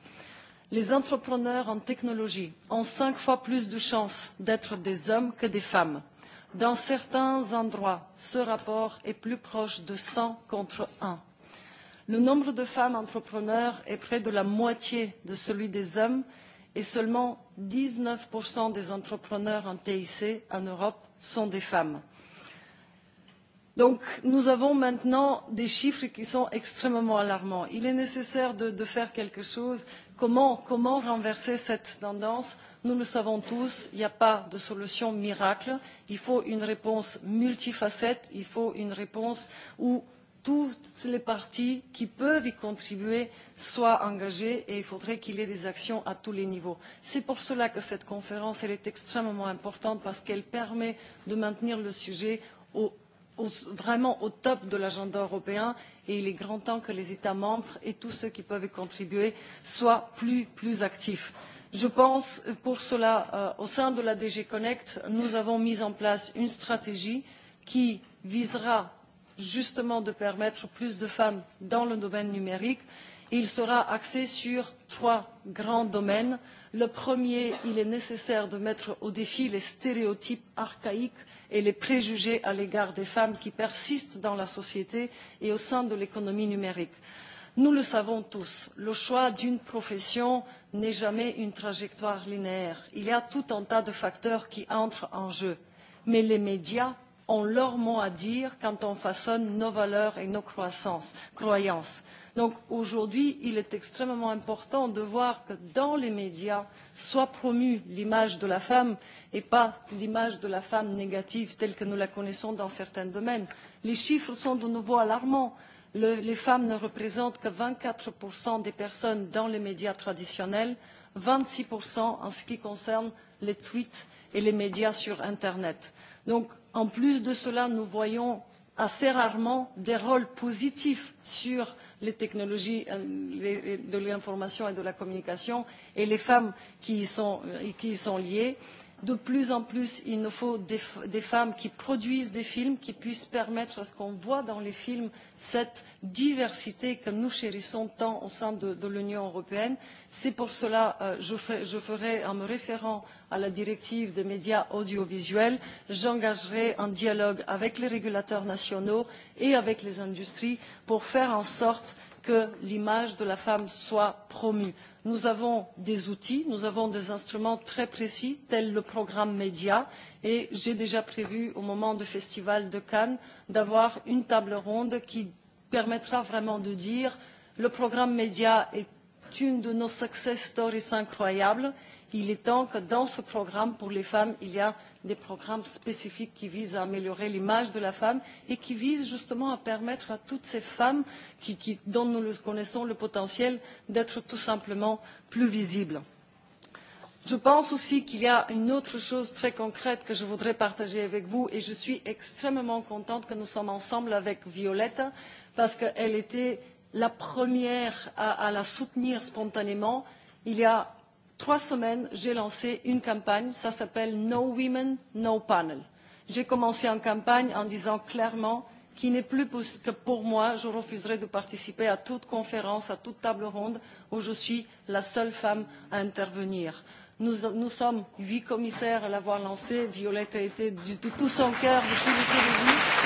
les entrepreneurs en technologie ont cinq fois plus de chances d'être des hommes que des femmes. Dans certains endroits, ce rapport est plus proche de 100 contre 1. Le nombre de femmes entrepreneurs est près de la moitié de celui des hommes et seulement 19% des entrepreneurs en TIC en Europe sont des femmes. Donc nous avons maintenant des chiffres qui sont extrêmement alarmants. Il est nécessaire de faire quelque chose Comment renverser cette tendance Nous le savons tous, il n'y a pas de solution miracle. Il faut une réponse multifacette, il faut une réponse où toutes les parties qui peuvent y contribuer soient engagées et il faudrait qu'il y ait des actions à tous les niveaux. C'est pour cela que cette conférence est extrêmement importante parce qu'elle permet de maintenir le sujet au vraiment au top de l'agenda européen et il est grand temps que les États membres et tous ceux qui peuvent y contribuer soient plus actifs. Je pense pour cela, au sein de la DG Connect, nous avons mis en place une stratégie qui visera justement de permettre plus de femmes dans le domaine numérique il sera axé sur trois grands domaines. le premier il est nécessaire de mettre au défi les stéréotypes archaïques et les préjugés à l'égard des femmes qui persistent dans la société et au sein de l'économie numérique. nous le savons tous le choix d'une profession n'est jamais une trajectoire linéaire il y a tout un tas de facteurs qui entrent en jeu mais les médias ont leur mot à dire quand on façonne nos valeurs et nos croyances Donc aujourd'hui, il est extrêmement important de voir que dans les médias soit promue l'image de la femme et pas l'image de la femme négative telle que nous la connaissons dans certains domaines. Les chiffres sont de nouveau alarmants. Les femmes ne représentent que vingt quatre des personnes dans les médias traditionnels, vingt six en ce qui concerne les tweets et les médias sur Internet. Donc, en plus de cela, nous voyons assez rarement des rôles positifs sur les technologies de l'information et de la communication et les femmes qui y sont liées de plus en plus, il nous faut des femmes qui produisent des films, qui puissent permettre à ce qu'on voit dans les films cette diversité que nous chérissons tant au sein de l'Union européenne. C'est pour cela que je ferai, en me référant à la directive des médias audiovisuels, j'engagerai un dialogue avec les régulateurs nationaux et avec les industries pour faire en sorte que l'image de la femme soit promue. Nous avons des outils, nous avons des instruments très précis, tels le programme Média, et j'ai déjà prévu, au moment du Festival de Cannes, d'avoir une table ronde qui permettra vraiment de dire le programme Média est une de nos success stories incroyables il est temps que dans ce programme pour les femmes il y a des programmes spécifiques qui visent à améliorer l'image de la femme et qui visent justement à permettre à toutes ces femmes dont nous connaissons le potentiel d'être tout simplement plus visibles. Je pense aussi qu'il y a une autre chose très concrète que je voudrais partager avec vous et je suis extrêmement contente que nous sommes ensemble avec Violette parce qu'elle était la première à la soutenir spontanément. Il y a trois semaines, j'ai lancé une campagne, ça s'appelle No Women, No Panel. J'ai commencé en campagne en disant clairement qu'il n'est plus possible que pour moi, je refuserai de participer à toute conférence, à toute table ronde où je suis la seule femme à intervenir. Nous sommes huit commissaires à l'avoir lancé. Violette a été de tout son cœur depuis le début.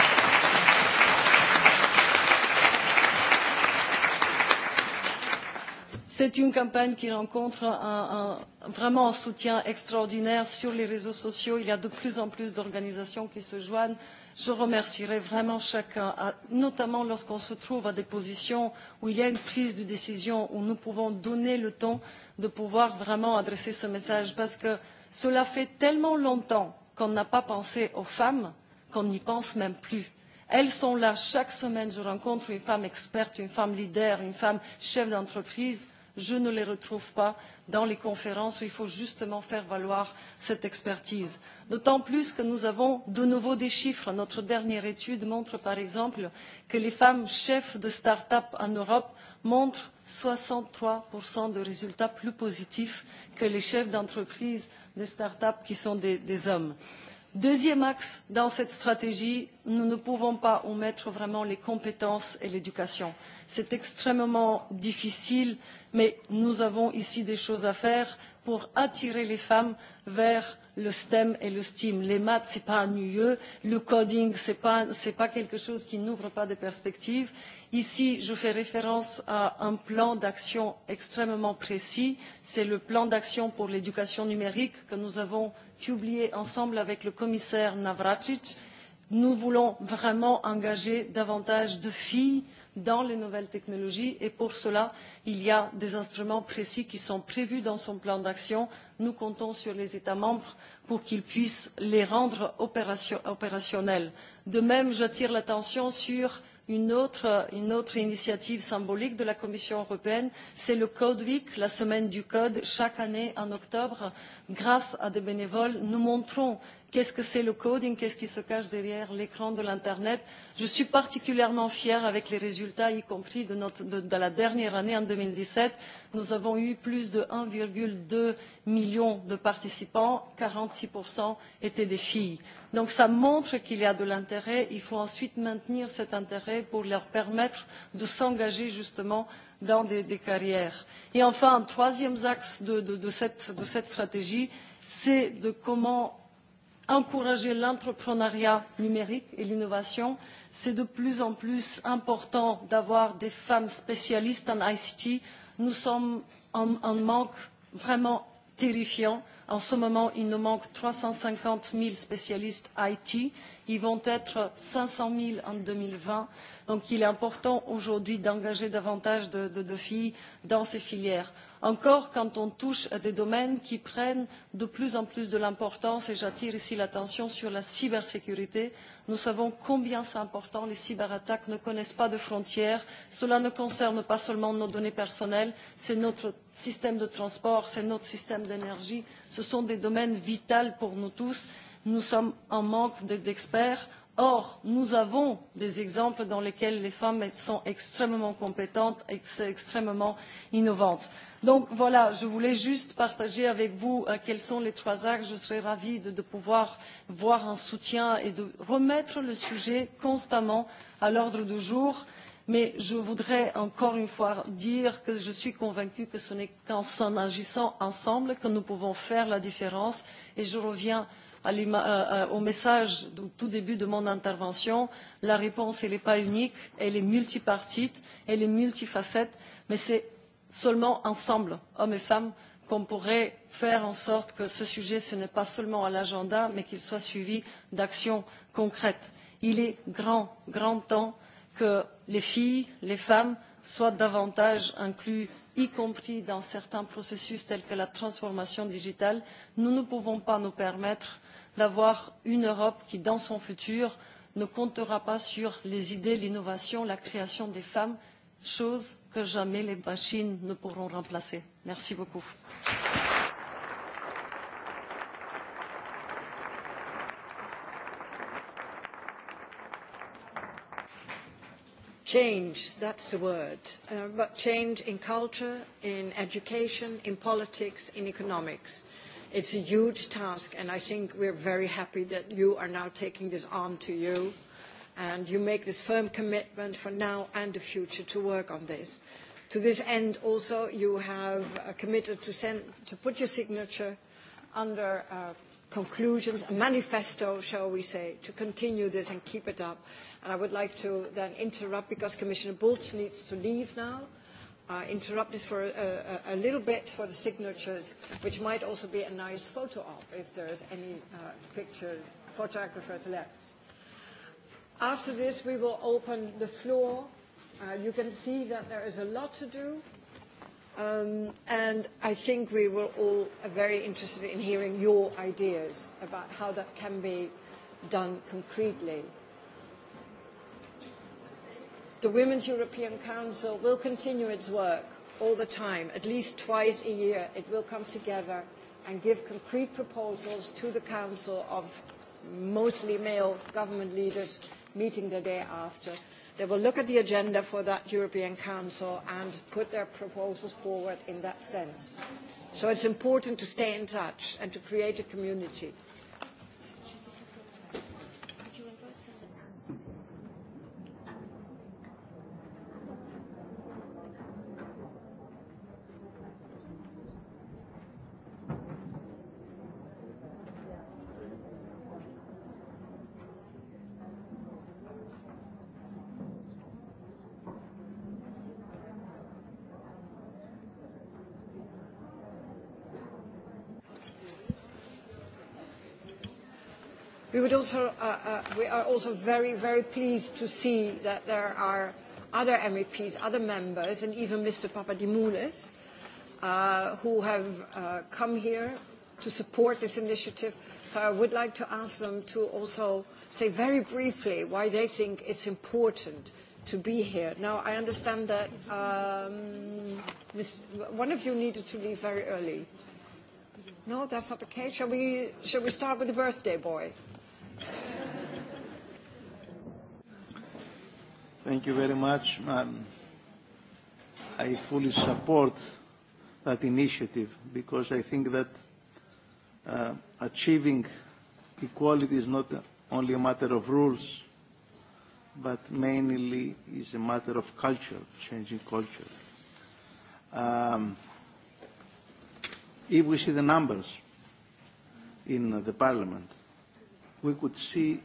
C'est une campagne qui rencontre vraiment un soutien extraordinaire sur les réseaux sociaux. Il y a de plus en plus d'organisations qui se joignent. Je remercierai vraiment chacun, notamment lorsqu'on se trouve à des positions où il y a une prise de décision, où nous pouvons donner le temps de pouvoir vraiment adresser ce message. Parce que cela fait tellement longtemps qu'on n'a pas pensé aux femmes qu'on n'y pense même plus. Elles sont là chaque semaine. Je rencontre une femme experte, une femme leader, une femme chef d'entreprise je ne les retrouve pas dans les conférences où il faut justement faire valoir cette expertise. D'autant plus que nous avons de nouveau des chiffres. Notre dernière étude montre par exemple que les femmes chefs de start-up en Europe montrent soixante trois de résultats plus positifs que les chefs d'entreprise de start-up qui sont des hommes. Deuxième axe dans cette stratégie, nous ne pouvons pas omettre vraiment les compétences et l'éducation. C'est extrêmement difficile, mais nous avons ici des choses à faire pour attirer les femmes vers le STEM et le STEAM. Les maths, ce n'est pas ennuyeux. Le coding, ce n'est pas quelque chose qui n'ouvre pas de perspectives. Ici, je fais référence à un plan d'action extrêmement précis. C'est le plan d'action pour l'éducation numérique que nous avons publié ensemble avec le commissaire Navracic. Nous voulons vraiment engager davantage de filles dans les nouvelles technologies et pour cela il y a des instruments précis qui sont prévus dans son plan d'action nous comptons sur les états membres pour qu'ils puissent les rendre opérationnels de même j'attire l'attention sur une autre initiative symbolique de la Commission européenne, c'est le Code Week, la semaine du Code. Chaque année, en octobre, grâce à des bénévoles, nous montrons Qu'est-ce que c'est le coding Qu'est-ce qui se cache derrière l'écran de l'Internet Je suis particulièrement fière avec les résultats, y compris de, notre, de, la dernière année, en 2017. Nous avons eu plus de 1,2 million de participants, 46% étaient des filles. Donc ça montre qu'il y a de l'intérêt. Il faut ensuite maintenir cet intérêt pour leur permettre de s'engager justement dans des, des carrières. Et enfin, un troisième axe de, de, de, cette, de cette stratégie, c'est de comment encourager l'entrepreneuriat numérique et l'innovation. C'est de plus en plus important d'avoir des femmes spécialistes en ICT. Nous sommes en manque vraiment terrifiant. En ce moment, il nous manque 350 000 spécialistes IT. Ils vont être 500 000 en 2020. Donc, il est important aujourd'hui d'engager davantage de filles dans ces filières encore quand on touche à des domaines qui prennent de plus en plus de l'importance et j'attire ici l'attention sur la cybersécurité. Nous savons combien c'est important, les cyberattaques ne connaissent pas de frontières, cela ne concerne pas seulement nos données personnelles, c'est notre système de transport, c'est notre système d'énergie, ce sont des domaines vitaux pour nous tous. Nous sommes en manque d'experts. Or, nous avons des exemples dans lesquels les femmes sont extrêmement compétentes et extrêmement innovantes. Donc voilà, je voulais juste partager avec vous quels sont les trois axes. Je serais ravie de pouvoir voir un soutien et de remettre le sujet constamment à l'ordre du jour. Mais je voudrais encore une fois dire que je suis convaincue que ce n'est qu'en agissant ensemble que nous pouvons faire la différence. Et je reviens au message du tout début de mon intervention. La réponse, elle n'est pas unique, elle est multipartite, elle est multifacette, mais c'est seulement ensemble, hommes et femmes, qu'on pourrait faire en sorte que ce sujet, ce n'est pas seulement à l'agenda, mais qu'il soit suivi d'actions concrètes. Il est grand, grand temps que les filles, les femmes soient davantage incluses, y compris dans certains processus tels que la transformation digitale. Nous ne pouvons pas nous permettre d'avoir une Europe qui, dans son futur, ne comptera pas sur les idées, l'innovation, la création des femmes, chose que jamais les machines ne pourront remplacer. Merci beaucoup. Change, that's the word. But change in culture, in education, in politics, in economics. It's a huge task, and I think we're very happy that you are now taking this on to you and you make this firm commitment for now and the future to work on this. To this end, also, you have committed to put your signature under conclusions, a manifesto, shall we say, to continue this and keep it up. And I would like to then interrupt, because Commissioner Bolts needs to leave now, interrupt this for a little bit for the signatures, which might also be a nice photo op, if there is any picture, photographers left. After this, we will open the floor. You can see that there is a lot to do. And I think we were all very interested in hearing your ideas about how that can be done concretely. The Women's European Council will continue its work all the time, at least twice a year. It will come together and give concrete proposals to the Council of mostly male government leaders meeting the day after. They will look at the agenda for that European Council and put their proposals forward in that sense. So it's important to stay in touch and to create a community. We would also, we are also very, very pleased to see that there are other MEPs, other members, and even Mr. Papadimoulis, who have come here to support this initiative. So I would like to ask them to also say very briefly why they think it's important to be here. Now, I understand that one of you needed to leave very early. No, that's not the case. Shall we start with the birthday boy? Thank you very much. I fully support that initiative because I think that achieving equality is not only a matter of rules, but mainly is a matter of culture, changing culture. if we see the numbers in the Parliament, we could see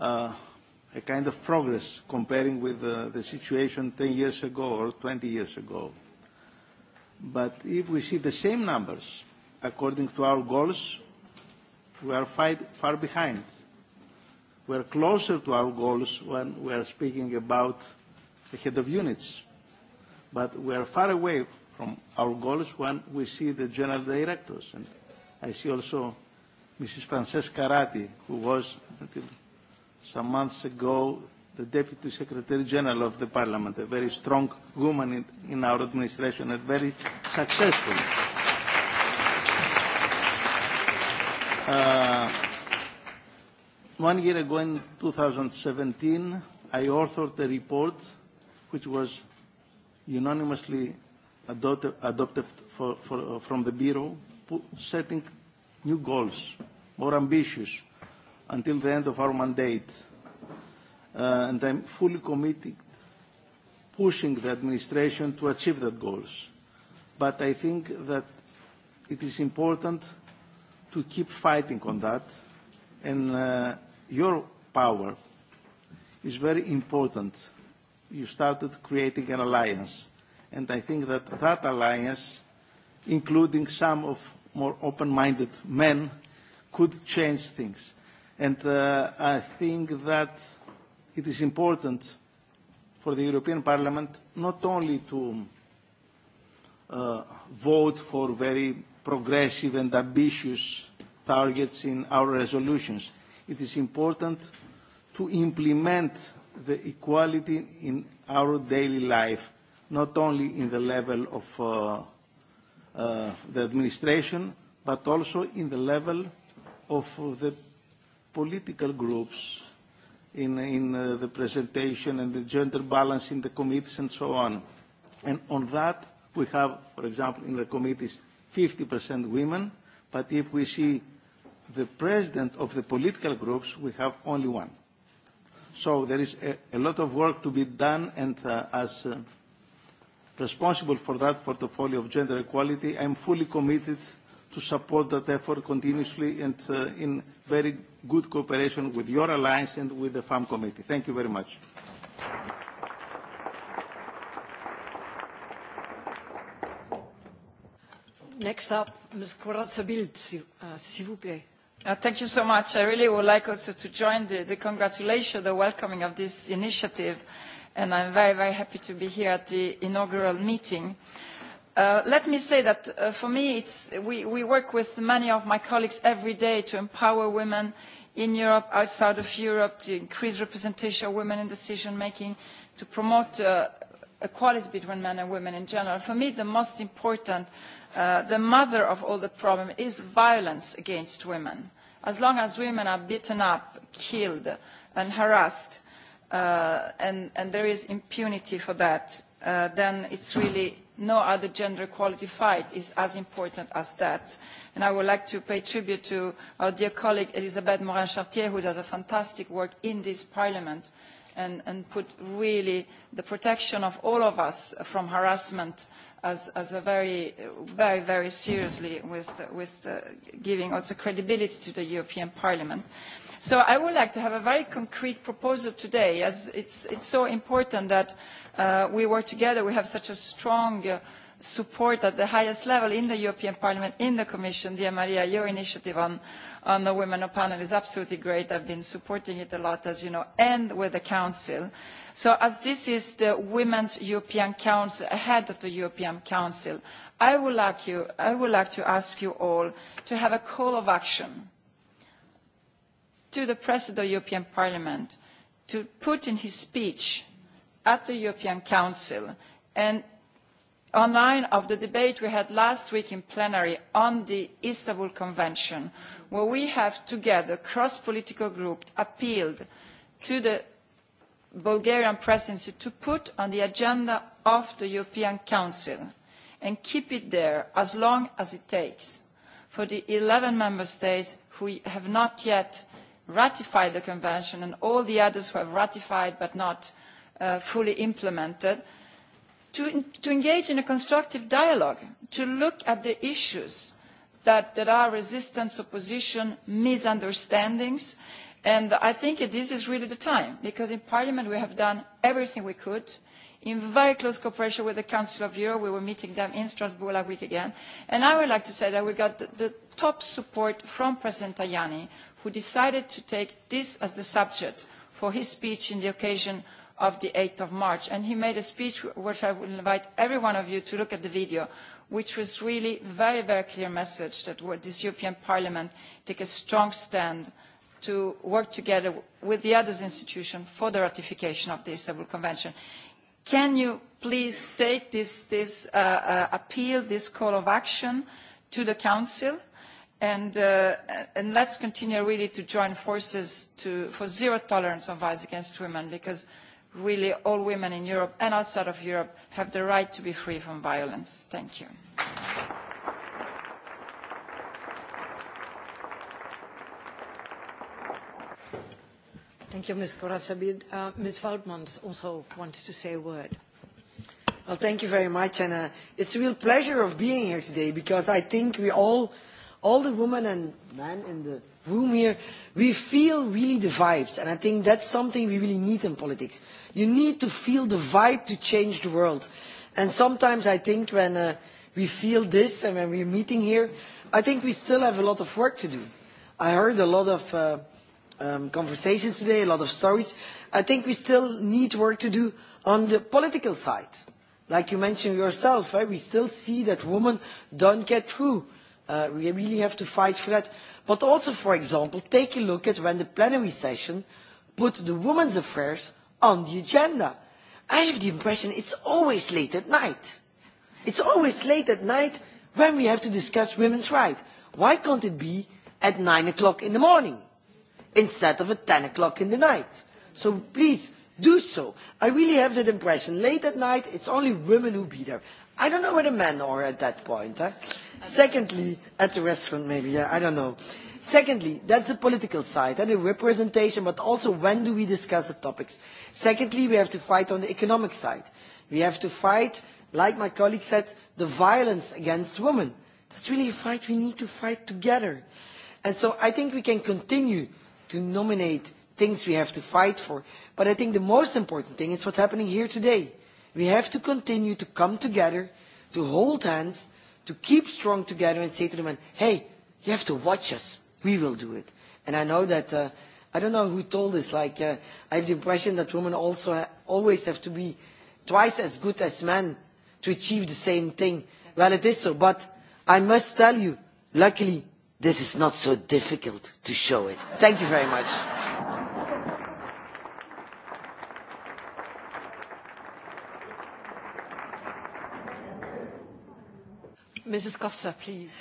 a kind of progress comparing with the situation 10 years ago or 20 years ago. But if we see the same numbers according to our goals, we are far behind. We are closer to our goals when we are speaking about the head of units. But we are far away from our goals when we see the general directors. And I see also Mrs. Francesca Ratti, who was until some months ago the Deputy Secretary General of the Parliament, a very strong woman in, our administration and very successful. Uh, one year ago in 2017, I authored a report which was unanimously adopted, for, from the Bureau setting new goals, more ambitious, until the end of our mandate. And I'm fully committed pushing the administration to achieve that goals. But I think that it is important to keep fighting on that. And your power is very important. You started creating an alliance. And I think that that alliance, including some of more open-minded men could change things. And I think that it is important for the European Parliament not only to vote for very progressive and ambitious targets in our resolutions. It is important to implement the equality in our daily life, not only in the level of the administration, but also in the level of the political groups in, in the presentation and the gender balance in the committees and so on. And on that, we have, for example, in the committees, 50% women, but if we see the president of the political groups, we have only one. So there is a, lot of work to be done, and as responsible for that portfolio of gender equality. I am fully committed to support that effort continuously and in very good cooperation with your alliance and with the FAM committee. Thank you very much. Next up, Ms. s'il vous plaît. Thank you so much. I really would like also to join the congratulations, the welcoming of this initiative and I'm very, very happy to be here at the inaugural meeting. Let me say that for me, we work with many of my colleagues every day to empower women in Europe, outside of Europe, to increase representation of women in decision-making, to promote equality between men and women in general. For me, the most important, the mother of all the problem is violence against women. As long as women are beaten up, killed and harassed, and there is impunity for that, then it's really no other gender equality fight is as important as that. And I would like to pay tribute to our dear colleague Elisabeth Morin-Chartier, who does a fantastic work in this parliament and put really the protection of all of us from harassment as a very, very, very seriously with giving also credibility to the European Parliament. So I would like to have a very concrete proposal today, as is so important that we work together. We have such a strong support at the highest level in the European Parliament, in the Commission. Dear Maria, your initiative on the Women Panel is absolutely great. have been supporting it a lot, as you know, and with the Council. So as this is the Women's European Council, ahead of the European Council, I would like to ask you all to have a call of action to the President of the European Parliament to put in his speech at the European Council and online of the debate we had last week in plenary on the Istanbul Convention, where we have together, cross-political groups appealed to the Bulgarian presidency to put on the agenda of the European Council and keep it there as long as it takes for the 11 member states who have not yet ratified the Convention and all the others who have ratified but not fully implemented, to engage in a constructive dialogue, to look at the issues that are resistance, opposition, misunderstandings. And I think this is really the time, because in Parliament we have done everything we could. In very close cooperation with the Council of Europe, we were meeting them in Strasbourg last week again. And I would like to say that we got the top support from President Tajani, who decided to take this as the subject for his speech on the occasion of the 8th of March. And he made a speech which I would invite every one of you to look at the video, which was really a very, very clear message that this European Parliament take a strong stand to work together with the other institutions for the ratification of the Istanbul Convention. Can you please take this appeal, this call of action to the Council? and let's continue really to join forces for zero tolerance on violence against women because really all women in Europe and outside of Europe have the right to be free from violence. Thank you. Thank you, Ms. Ms. also wanted to say a word. Well, thank you very much, and it's a real pleasure of being here today because I think we all all the women and men in the room here, we feel really the vibes. And I think that's something we really need in politics. You need to feel the vibe to change the world. And sometimes I think when we feel this and when we're meeting here, I think we still have a lot of work to do. I heard a lot of conversations today, a lot of stories. I think we still need work to do on the political side. Like you mentioned yourself, we still see that women don't get through We really have to fight for that. But also, for example, take a look at when the plenary session put the women's affairs on the agenda. I have the impression it's always late at night. It's always late at night when we have to discuss women's rights. Why can't it be at 9 o'clock in the morning instead of at 10 o'clock in the night? So please do so. I really have that impression. Late at night, it's only women who be there. I don't know where the men are at that point. Secondly, at the restaurant maybe, yeah, I don't know. Secondly, that's the political side and the representation, but also when do we discuss the topics. Secondly, we have to fight on the economic side. We have to fight, like my colleague said, the violence against women. That's really a fight we need to fight together. And so I think we can continue to nominate things we have to fight for. But I think the most important thing is what's happening here today. We have to continue to come together, to hold hands to keep strong together and say to them, hey, you have to watch us. We will do it. And I know that, I don't know who told this, like, I have the impression that women also always have to be twice as good as men to achieve the same thing. Well, it is so, but I must tell you, luckily, this is not so difficult to show it. Thank you very much. Mrs. Costa, please.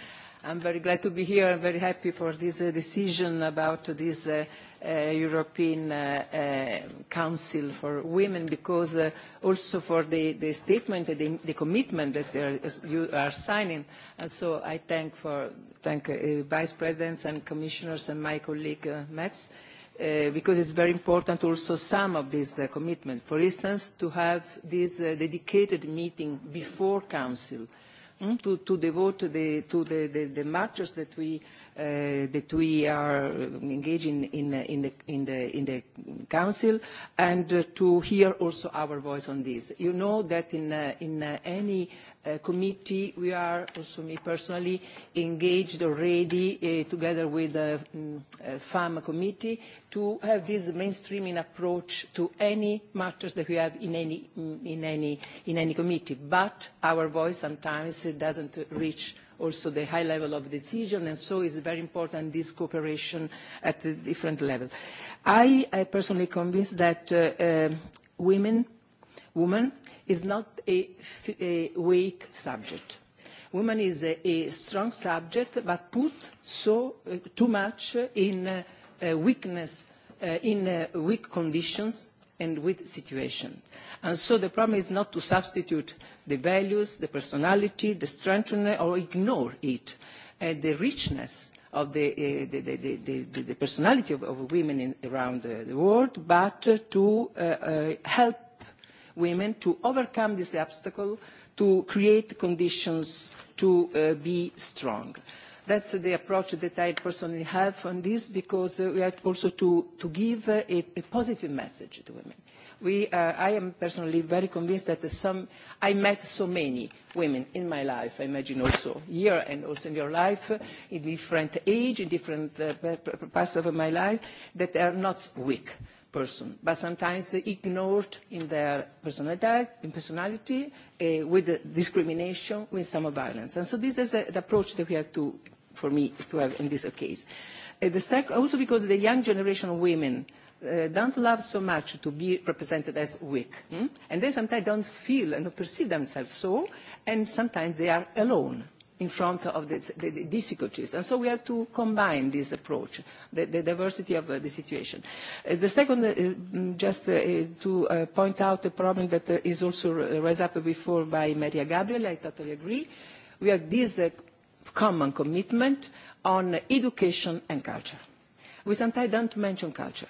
I'm very glad to be here. I'm very happy for this decision about this European Council for Women, because also for the statement and the commitment that you are signing. And so I thank for thank Vice Presidents and Commissioners and my colleague MEPs, because it's very important also some of this commitment. For instance, to have this dedicated meeting before Council to devote to the marches that we that we are engaging in the Council and to hear also our voice on this. You know that in any committee we are, also me personally, engaged already together with the FAM committee to have this mainstreaming approach to any matters that we have in any committee. But our voice sometimes doesn't reach also the high level of decision, and so it's very important this cooperation at the different level. I am personally convinced that women woman is not a weak subject. Women is a strong subject, but put so too much in weakness, in weak conditions and with situation. And so the problem is not to substitute the values, the personality, the strength, or ignore it. The richness of the personality of women around the world, but to help women to overcome this obstacle, to create conditions to be strong. That's the approach that I personally have on this because we have also to give a positive message to women. I am personally very convinced that some, I met so many women in my life, I imagine also here and also in your life, in different age, in different parts of my life, that are not weak persons, but sometimes ignored in their personality, with discrimination, with some violence. And so this is the approach that we have to for me to have in this case. Also because the young generation of women don't love so much to be represented as weak. And they sometimes don't feel and perceive themselves so, and sometimes they are alone in front of the difficulties. And so we have to combine this approach, the diversity of the situation. The second, just to point out a problem that is also raised up before by Maria Gabriel, I totally agree. We have this common commitment on education and culture. We sometimes to mention culture.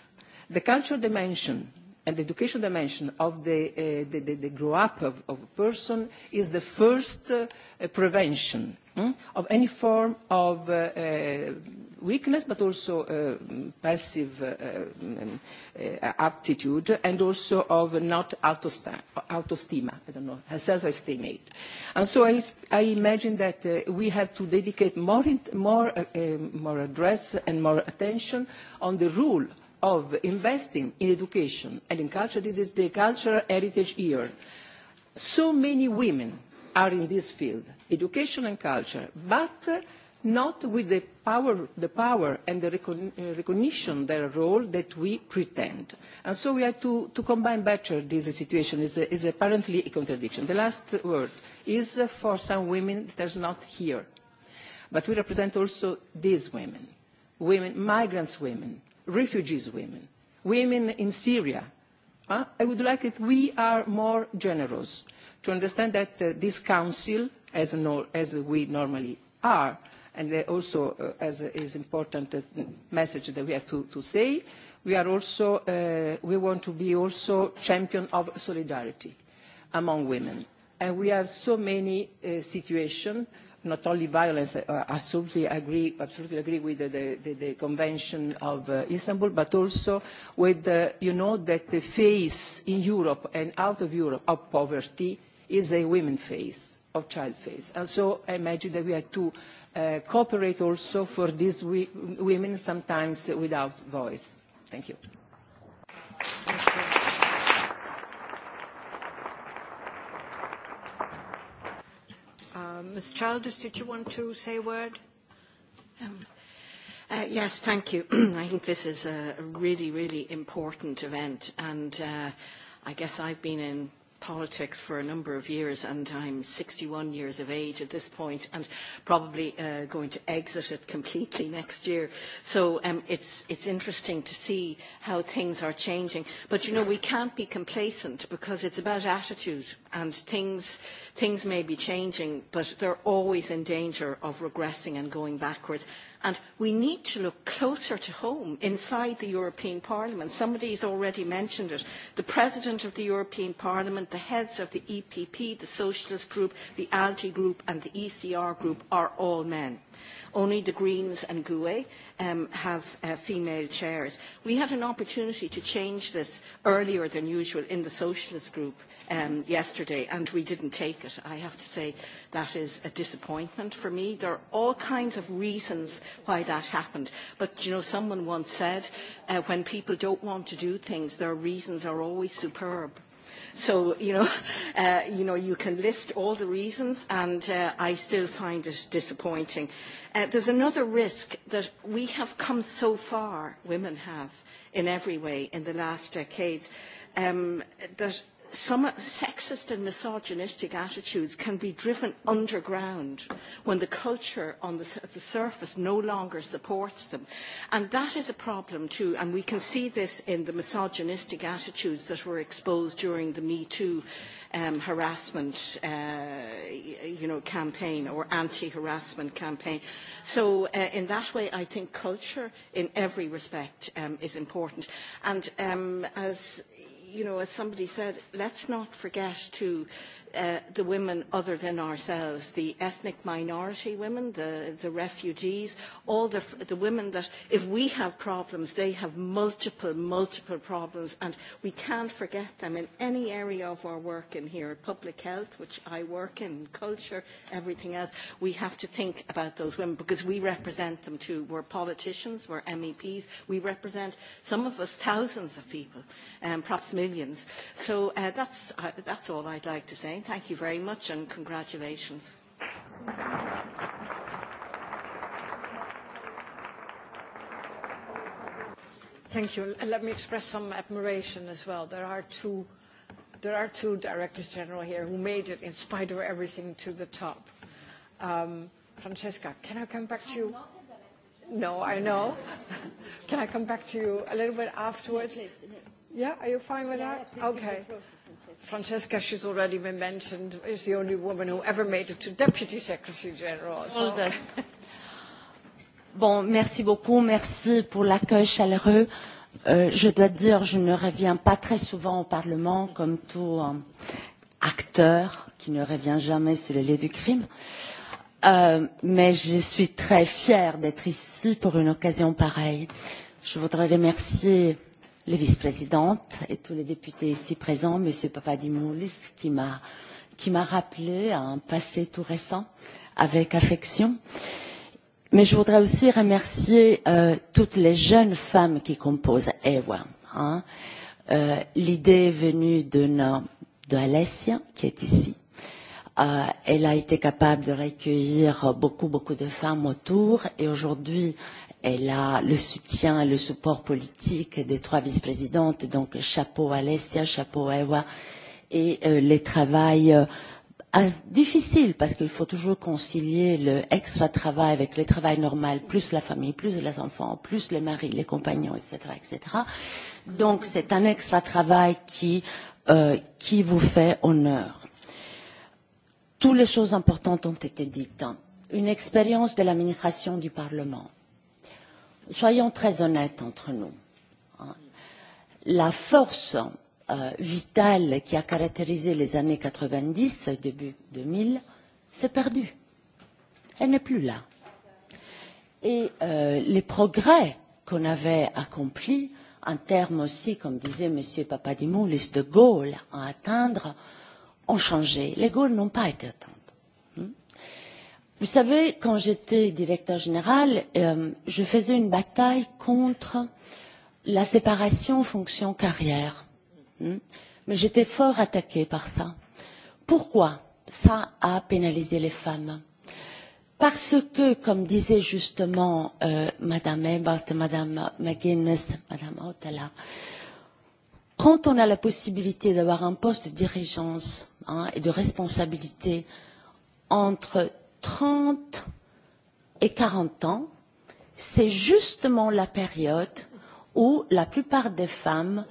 The cultural dimension and the education dimension of the grow up of a person is the first prevention of any form of weakness but also passive aptitude and also of not autoestima I don't know, self esteem And so I imagine that we have to dedicate more address and more attention on the rule of investing in education and in culture. This is the Cultural Heritage Year. So many women are in this field, education and culture, but not with the power and the recognition their role that we pretend. And so we have to combine better this situation. is apparently a contradiction. The last word is for some women that are not here. But we represent also these women, women, migrants women refugees women, women in Syria. I would like it we are more generous to understand that this Council, as we normally are, and also as is important message that we have to say, we are also we want to be also champion of solidarity among women. And we have so many situations not only violence, I absolutely agree, absolutely agree with the Convention of Istanbul, but also with, you know, that the face in Europe and out of Europe of poverty is a women face, of child face. And so I imagine that we have to cooperate also for these women, sometimes without voice. Thank you. Ms. Childers, did you want to say a word? Yes, thank you. I think this is a really, really important event, and I guess I've been in politics for a number of years and I'm 61 years of age at this point and probably going to exit it completely next year. So it's interesting to see how things are changing. But, you know, we can't be complacent because it's about attitude and things may be changing, but they're always in danger of regressing and going backwards and we need to look closer to home inside the european parliament somebody has already mentioned it the president of the european parliament the heads of the epp the socialist group the alde group and the ecr group are all men only the greens and gue have female chairs we had an opportunity to change this earlier than usual in the socialist group yesterday and we didn't take it i have to say that is a disappointment for me there are all kinds of reasons why that happened. But, you know, someone once said, when people don't want to do things, their reasons are always superb. So, you know, you know, you can list all the reasons, and I still find it disappointing. There's another risk that we have come so far, women have, in every way, in the last decades, that some sexist and misogynistic attitudes can be driven underground when the culture on the surface no longer supports them. And that is a problem too, and we can see this in the misogynistic attitudes that were exposed during the Me Too harassment campaign or anti-harassment campaign. So in that way, I think culture in every respect is important. And as you know, as somebody said, let's not forget to the women other than ourselves, the ethnic minority women, the refugees, all the women that if we have problems, they have multiple, multiple problems, and we can't forget them in any area of our work in here, public health, which I work in, culture, everything else. We have to think about those women because we represent them too. We're politicians, we're MEPs, we represent some of us thousands of people, perhaps millions. So that's all I'd like to say. Thank you very much and congratulations. Thank you. Let me express some admiration as well. There are two there are two directors general here who made it in spite of everything to the top. Francesca, can I come back to you? No, I know. can I come back to you a little bit afterwards? Yeah, are you fine with that? Okay. Francesca, she's already been mentioned, is the only woman who ever made it to Deputy Secretary General. Bon, merci beaucoup, merci pour l'accueil chaleureux. Je dois dire, je ne reviens pas très souvent au Parlement, comme tout acteur qui ne revient jamais sur les lieux du crime. Mais je suis très fière d'être ici pour une occasion pareille. Je voudrais remercier les vice-présidentes et tous les députés ici présents, M. Papadimoulis, qui m'a rappelé à un passé tout récent avec affection. Mais je voudrais aussi remercier toutes les jeunes femmes qui composent EWA. L'idée est venue de, de Alessia, qui est ici. elle a été capable de recueillir beaucoup, beaucoup de femmes autour. Et aujourd'hui, Elle a le soutien et le support politique des trois vice-présidentes, donc chapeau à Alessia, chapeau à Ewa, et le travail difficiles parce qu'il faut toujours concilier le extra travail avec le travail normal, plus la famille, plus les enfants, plus les maris, les compagnons, etc. etc. Donc c'est un extra travail qui, qui vous fait honneur. Toutes les choses importantes ont été dites. Une expérience de l'administration du Parlement Soyons très honnêtes entre nous. La force vitale qui a caractérisé les années 90, début 2000, s'est perdue. Elle n'est plus là. Et les progrès qu'on avait accomplis, en termes aussi, comme disait M. Papadimoulis, de Gaulle à atteindre, ont changé. Les Gaules n'ont pas été atteints Vous savez, quand j'étais directeur général, je faisais une bataille contre la séparation fonction-carrière. Mais j'étais fort attaquée par ça. Pourquoi ça a pénalisé les femmes Parce que, comme disait justement Madame Ebert, Madame McGuinness, Madame Otala, quand on a la possibilité d'avoir un poste de dirigeance et de responsabilité entre 30 et 40 ans, c'est justement la période où la plupart des femmes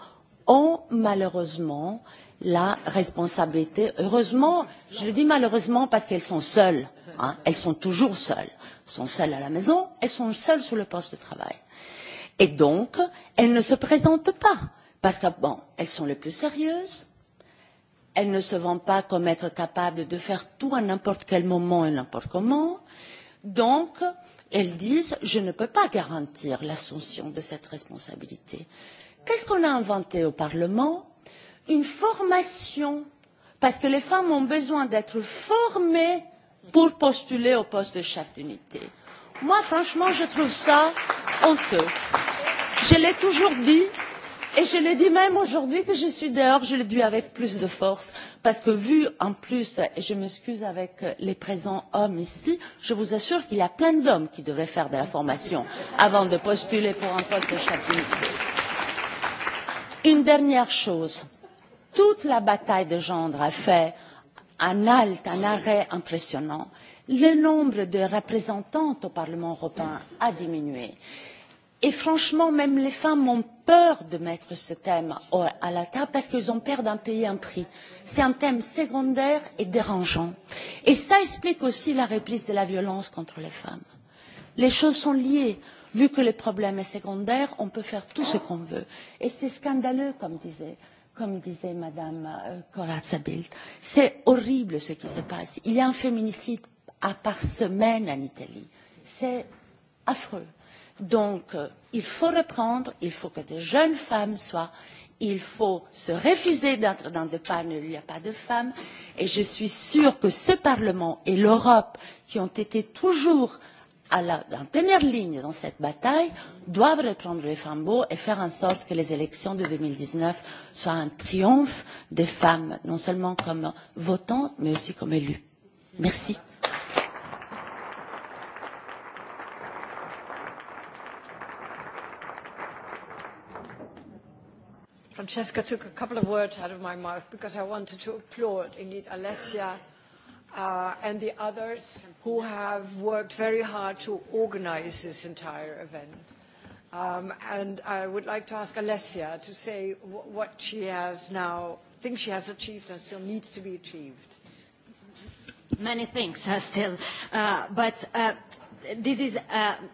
ont malheureusement la responsabilité. Heureusement, je le dis malheureusement parce qu'elles sont seules. Elles sont toujours seules. Elles sont seules à la maison, elles sont seules sur le poste de travail. Et donc, elles ne se présentent pas. Parce qu'elles sont les plus sérieuses, elles ne se vendent pas comme être capables de faire tout à n'importe quel moment et n'importe comment. Donc, elles disent, je ne peux pas garantir l'assumption de cette responsabilité. Qu'est-ce qu'on a inventé au Parlement Une formation. Parce que les femmes ont besoin d'être formées pour postuler au poste de chef d'unité. Moi, franchement, je trouve ça honteux. Je l'ai toujours dit, Et je le dis même aujourd'hui que je suis dehors, je le dis avec plus de force, parce que vu en plus, et je m'excuse avec les présents hommes ici, je vous assure qu'il y a plein d'hommes qui devraient faire de la formation avant de postuler pour un poste de chef Une dernière chose, toute la bataille de gendre a fait un halte, un arrêt impressionnant. Le nombre de représentantes au Parlement européen a diminué. Et franchement, même les femmes ont peur de mettre ce thème à la table parce qu'elles ont peur d'un pays un prix. C'est un thème secondaire et dérangeant. Et ça explique aussi la réplique de la violence contre les femmes. Les choses sont liées. Vu que le problème est secondaire, on peut faire tout ce qu'on veut. Et c'est scandaleux, comme disait, comme disait Madame Corazza-Bild. C'est horrible ce qui se passe. Il y a un féminicide à par semaine en Italie. C'est affreux. Donc, il faut reprendre, il faut que des jeunes femmes soient, il faut se refuser d'être dans des panneaux où il n'y a pas de femmes. Et je suis sûre que ce Parlement et l'Europe, qui ont été toujours en première ligne dans cette bataille, doivent reprendre les flambeaux et faire en sorte que les élections de 2019 soient un triomphe des femmes, non seulement comme votantes, mais aussi comme élues. Merci. Francesca took a couple of words out of my mouth because I wanted to applaud indeed Alessia and the others who have worked very hard to organize this entire event. And I would like to ask Alessia to say what she has now, things she has achieved and still needs to be achieved. Many things are still, but this is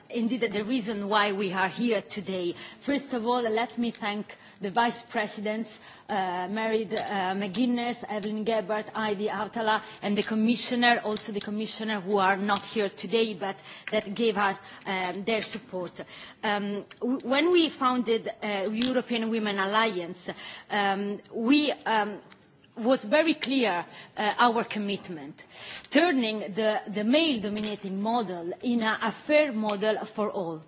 indeed the reason why we are here today. First of all, let me thank the vice presidents, Mary McGuinness, Evelyn Gebhardt, Heidi Hautala, and the commissioner, also the commissioner who are not here today, but that gave us their support. When we founded European Women Alliance, we was very clear our commitment, turning the male-dominating model in a fair model for all.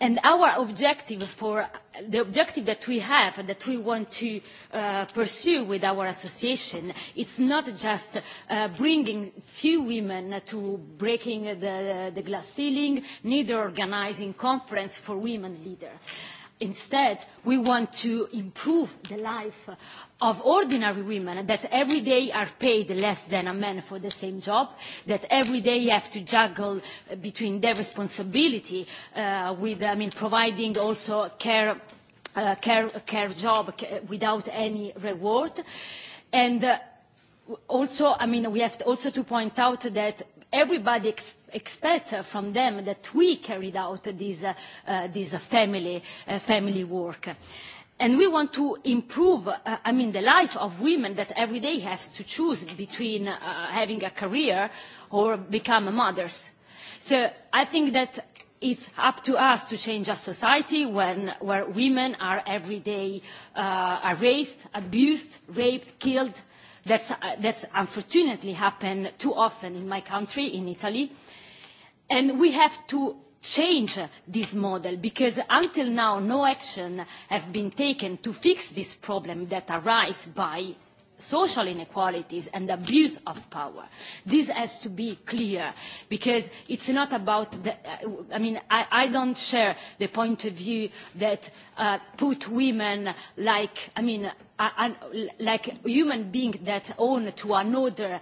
And our objective for the objective that we have that we want to pursue with our association is not just bringing few women to breaking the glass ceiling, neither organizing conference for women leaders. Instead, we want to improve the life of ordinary women that every day are paid less than a man for the same job, that every day have to juggle between their responsibility with, I mean, providing also care care job without any reward. And also, I mean, we have also to point out that everybody expects from them that we carried out this family work. And we want to improve, I mean, the life of women that every day have to choose between having a career or become mothers. So I think that it's up to us to change a society where women are every day erased, abused, raped, killed. That's unfortunately happened too often in my country, in Italy. And we have to change this model because until now no action has been taken to fix this problem that arises by social inequalities and abuse of power. This has to be clear because it's not about, I mean, I don't share the point of view that put women like, I mean, like human beings that own to another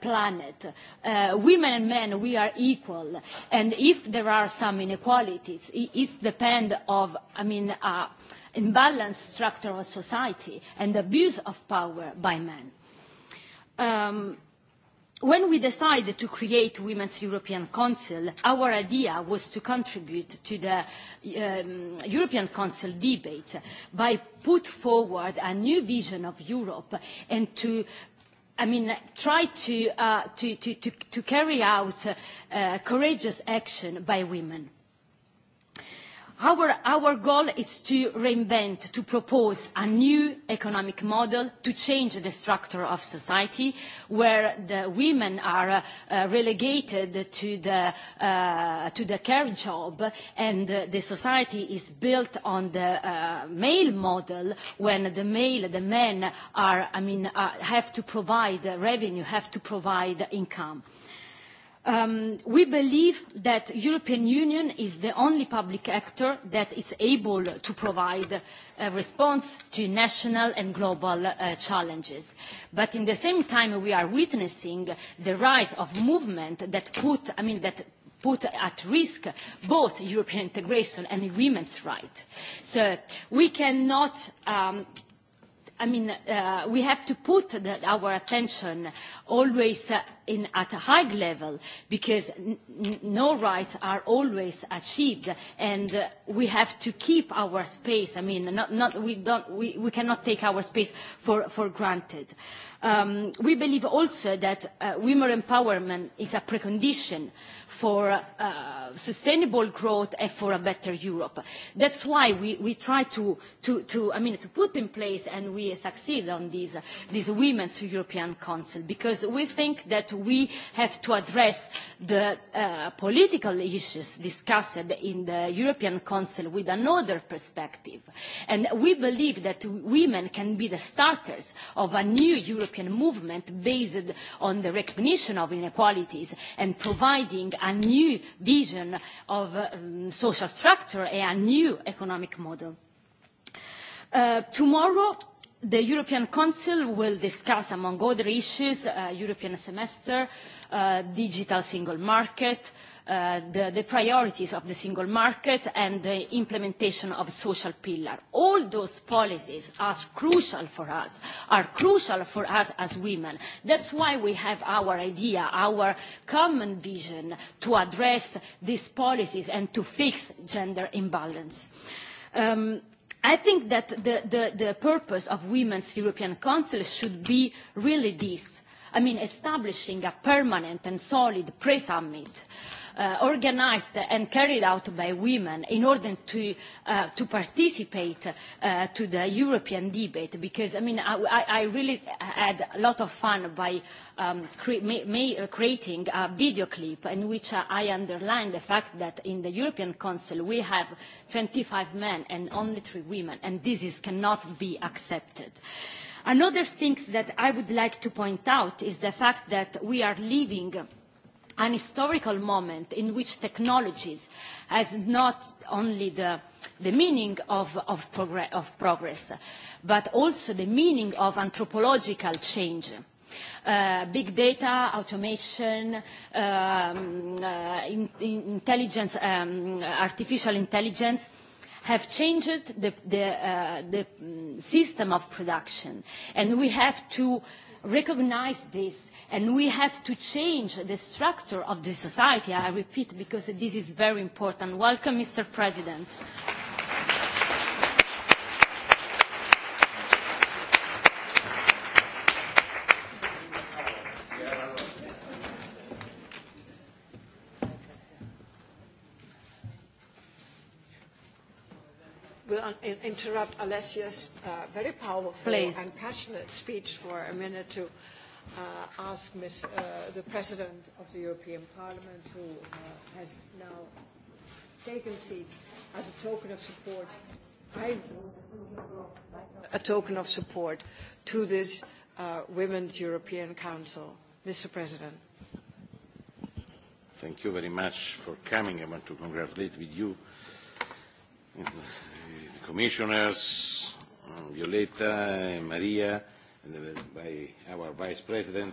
planet. Women and men, we are equal. And if there are some inequalities, it depends of, I mean, imbalanced structure of society and abuse of power by men. When we decided to create Women's European Council, our idea was to contribute to the European Council debate by put forward a new vision of Europe and to I mean, try to carry out courageous action by women. Our goal is to reinvent, to propose a new economic model to change the structure of society, where the women are relegated to the care job and the society is built on the male model, when the male, the men, are, I mean, have to provide revenue, have to provide income. We believe that the European Union is the only public actor that is able to provide a response to national and global challenges. But at the same time, we are witnessing the rise of movement that put, I mean, that put at risk both European integration and women's rights. So we cannot I mean, we have to put our attention always in at a high level because no rights are always achieved and we have to keep our space. I mean, not we cannot take our space for granted. We believe also that women empowerment is a precondition for sustainable growth and for a better Europe. That's why we try to to put in place, and we succeed on this Women's European Council, because we think that we have to address the political issues discussed in the European Council with another perspective. And we believe that women can be the starters of a new European movement based on the recognition of inequalities and providing a new vision of social structure and a new economic model. Tomorrow, the European Council will discuss, among other issues, European semester, digital single market, the priorities of the single market and the implementation of social pillar. All those policies are crucial for us, are crucial for us as women. That's why we have our idea, our common vision to address these policies and to fix gender imbalance. I think that the purpose of Women's European Council should be really this. I mean, establishing a permanent and solid pre-summit organized and carried out by women in order to participate to the European debate because I mean I really had a lot of fun by creating a video clip in which I underlined the fact that in the European Council we have 25 men and only three women and this cannot be accepted. Another thing that I would like to point out is the fact that we are living an historical moment in which technologies has not only the meaning of progress, but also the meaning of anthropological change. Big data, automation, intelligence, artificial intelligence have changed the system of production, and we have to recognize this and we have to change the structure of the society, I repeat, because this is very important. Welcome, Mr. President. interrupt Alessia's very powerful and passionate speech for a minute to ask the President of the European Parliament, who has now taken seat as a token of support, a token of support to this Women's European Council. Mr. President. Thank you very much for coming. I want to congratulate with you Commissioners, Violeta, Maria, and by our Vice President,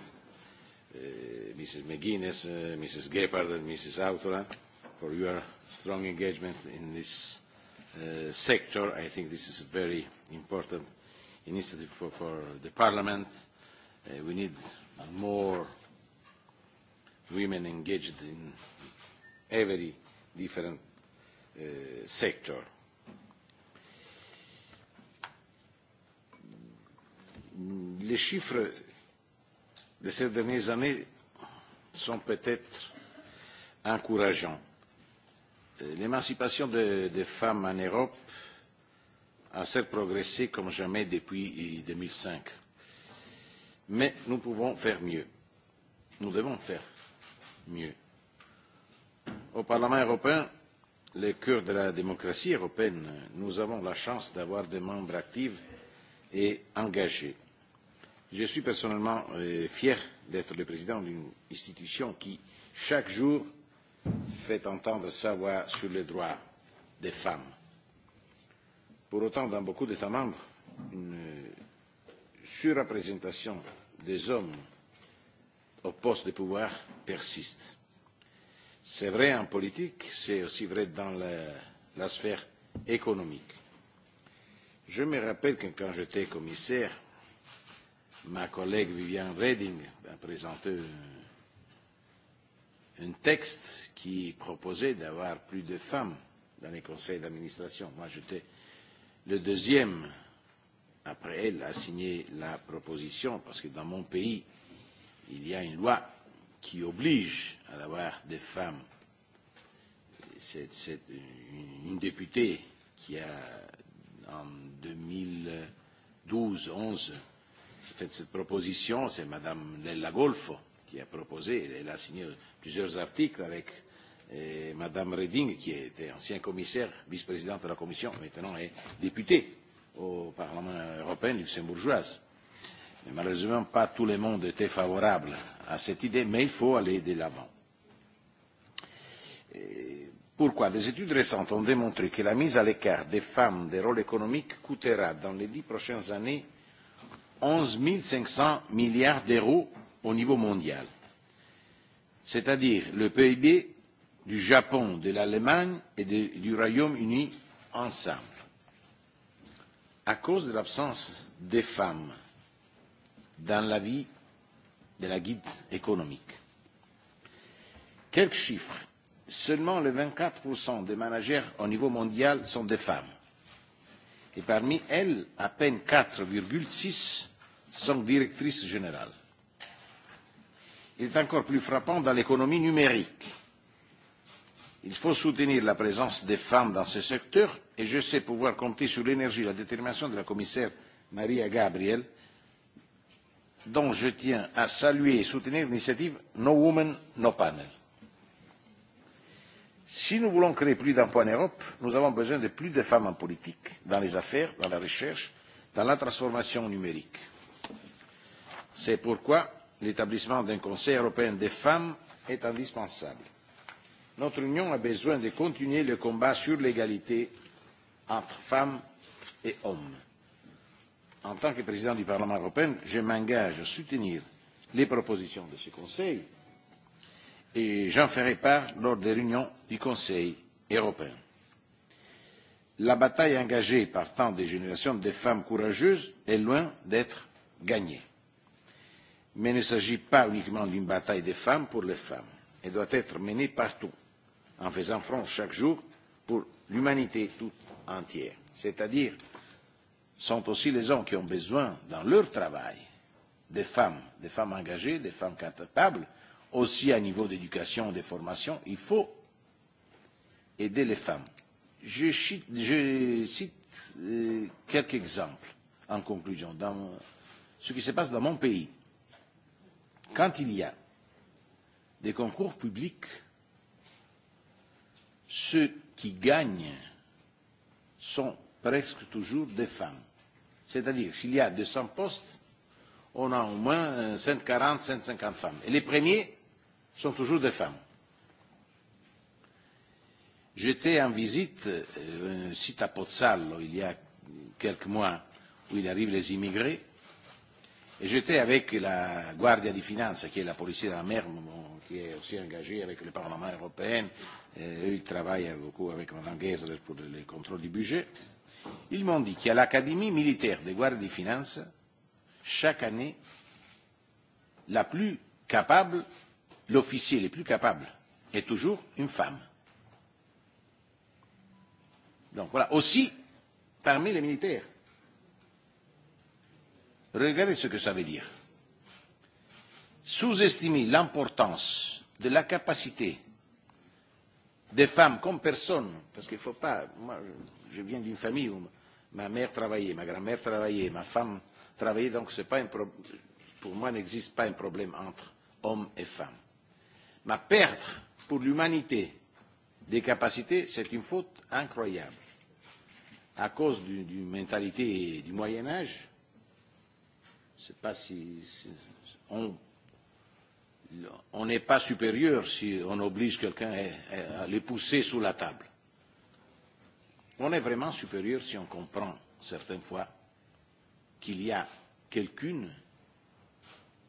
Mrs. McGuinness, Mrs. Gephardt, and Mrs. Autola, for your strong engagement in this sector. I think this is a very important initiative for the Parliament. We need more women engaged in every different sector. les chiffres de ces dernières années sont peut-être encourageants. L'émancipation des femmes en Europe a certes progressé comme jamais depuis 2005. Mais nous pouvons faire mieux. Nous devons faire mieux. Au Parlement européen, le cœur de la démocratie européenne, nous avons la chance d'avoir des membres actifs et engagés. Je suis personnellement fier d'être le président d'une institution qui, chaque jour, fait entendre sa voix sur les droits des femmes. Pour autant, dans beaucoup d'États membres, une surreprésentation des hommes au poste de pouvoir persiste. C'est vrai en politique, c'est aussi vrai dans la sphère économique. Je me rappelle que quand j'étais commissaire, ma collègue Viviane Reding a présenté un texte qui proposait d'avoir plus de femmes dans les conseils d'administration. Moi, j'étais le deuxième, après elle, à signer la proposition, parce que dans mon pays, il y a une loi qui oblige à avoir des femmes. C'est une députée qui a, en 2012-11, cette proposition, c'est Madame Nella Golfo qui a proposé, elle a signé plusieurs articles avec Madame Reding, qui était ancien commissaire, vice-présidente de la Commission, maintenant est députée au Parlement européen luxembourgeoise. Mais malheureusement, pas tout le monde était favorable à cette idée, mais il faut aller de l'avant. Pourquoi Des études récentes ont démontré que la mise à l'écart des femmes des rôles économiques coûtera dans les dix prochaines années 11 500 milliards d'euros au niveau mondial, c'est-à-dire le PIB du Japon, de l'Allemagne et du Royaume-Uni ensemble. À cause de l'absence des femmes dans la vie de la guide économique. Quelques chiffres. Seulement vingt 24% des managers au niveau mondial sont des femmes. Et parmi elles, à peine 4,6 son directrice générale. Il est encore plus frappant dans l'économie numérique. Il faut soutenir la présence des femmes dans ce secteur et je sais pouvoir compter sur l'énergie et la détermination de la commissaire Maria Gabriel, dont je tiens à saluer et soutenir l'initiative No Women, No Panel. Si nous voulons créer plus d'emplois en Europe, nous avons besoin de plus de femmes en politique, dans les affaires, dans la recherche, dans la transformation numérique. C'est pourquoi l'établissement d'un Conseil européen des femmes est indispensable. Notre Union a besoin de continuer le combat sur l'égalité entre femmes et hommes. En tant que président du Parlement européen, je m'engage à soutenir les propositions de ce Conseil et j'en ferai part lors des réunions du Conseil européen. La bataille engagée par tant de générations de femmes courageuses est loin d'être gagnée mais il ne s'agit pas uniquement d'une bataille des femmes pour les femmes. Elle doit être menée partout, en faisant front chaque jour pour l'humanité toute entière. C'est-à-dire, sont aussi les hommes qui ont besoin, dans leur travail, des femmes, des femmes engagées, des femmes capables, aussi à niveau d'éducation, et de formation. Il faut aider les femmes. Je cite quelques exemples en conclusion. Dans ce qui se passe dans mon pays, quand il y a des concours publics, ceux qui gagnent sont presque toujours des femmes. C'est-à-dire, s'il y a 200 postes, on a au moins 140, 150 femmes. Et les premiers sont toujours des femmes. J'étais en visite, un site à Pozzallo, il y a quelques mois, où il arrive les immigrés, Et j'étais avec la Guardia di Finanza, qui est la police de la mer, qui est aussi engagée avec le Parlement européen. Eux, ils travaillent beaucoup avec Mme Gessler pour le contrôle du budget. Ils m'ont dit qu'à l'Académie militaire des Guardia di Finanza, chaque année, la plus capable, l'officier le plus capable, est toujours une femme. Donc voilà, aussi parmi les militaires. Regardez ce que ça veut dire. Sous-estimer l'importance de la capacité des femmes comme personne, parce qu'il ne faut pas, moi je viens d'une famille où ma mère travaillait, ma grand-mère travaillait, ma femme travaillait, donc pas un pour moi n'existe pas un problème entre hommes et femmes. Mais perdre pour l'humanité des capacités, c'est une faute incroyable. À cause d'une mentalité du Moyen Âge, c'est pas si on n'est pas supérieur si on oblige quelqu'un à les pousser sous la table. On est vraiment supérieur si on comprend certaines fois qu'il y a quelqu'une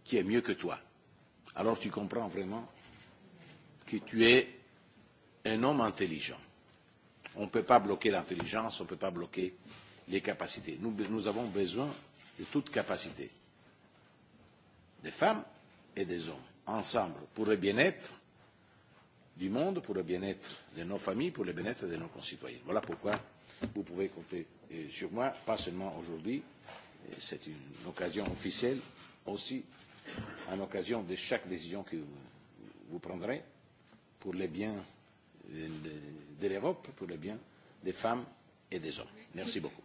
qui est mieux que toi. Alors tu comprends vraiment que tu es un homme intelligent. On ne peut pas bloquer l'intelligence, on ne peut pas bloquer les capacités. Nous avons besoin de toute capacité des femmes et des hommes, ensemble, pour le bien-être du monde, pour le bien-être de nos familles, pour le bien-être de nos concitoyens. Voilà pourquoi vous pouvez compter sur moi, pas seulement aujourd'hui, c'est une occasion officielle, aussi en occasion de chaque décision que vous prendrez pour le bien de l'Europe, pour le bien des femmes et des hommes. Merci beaucoup.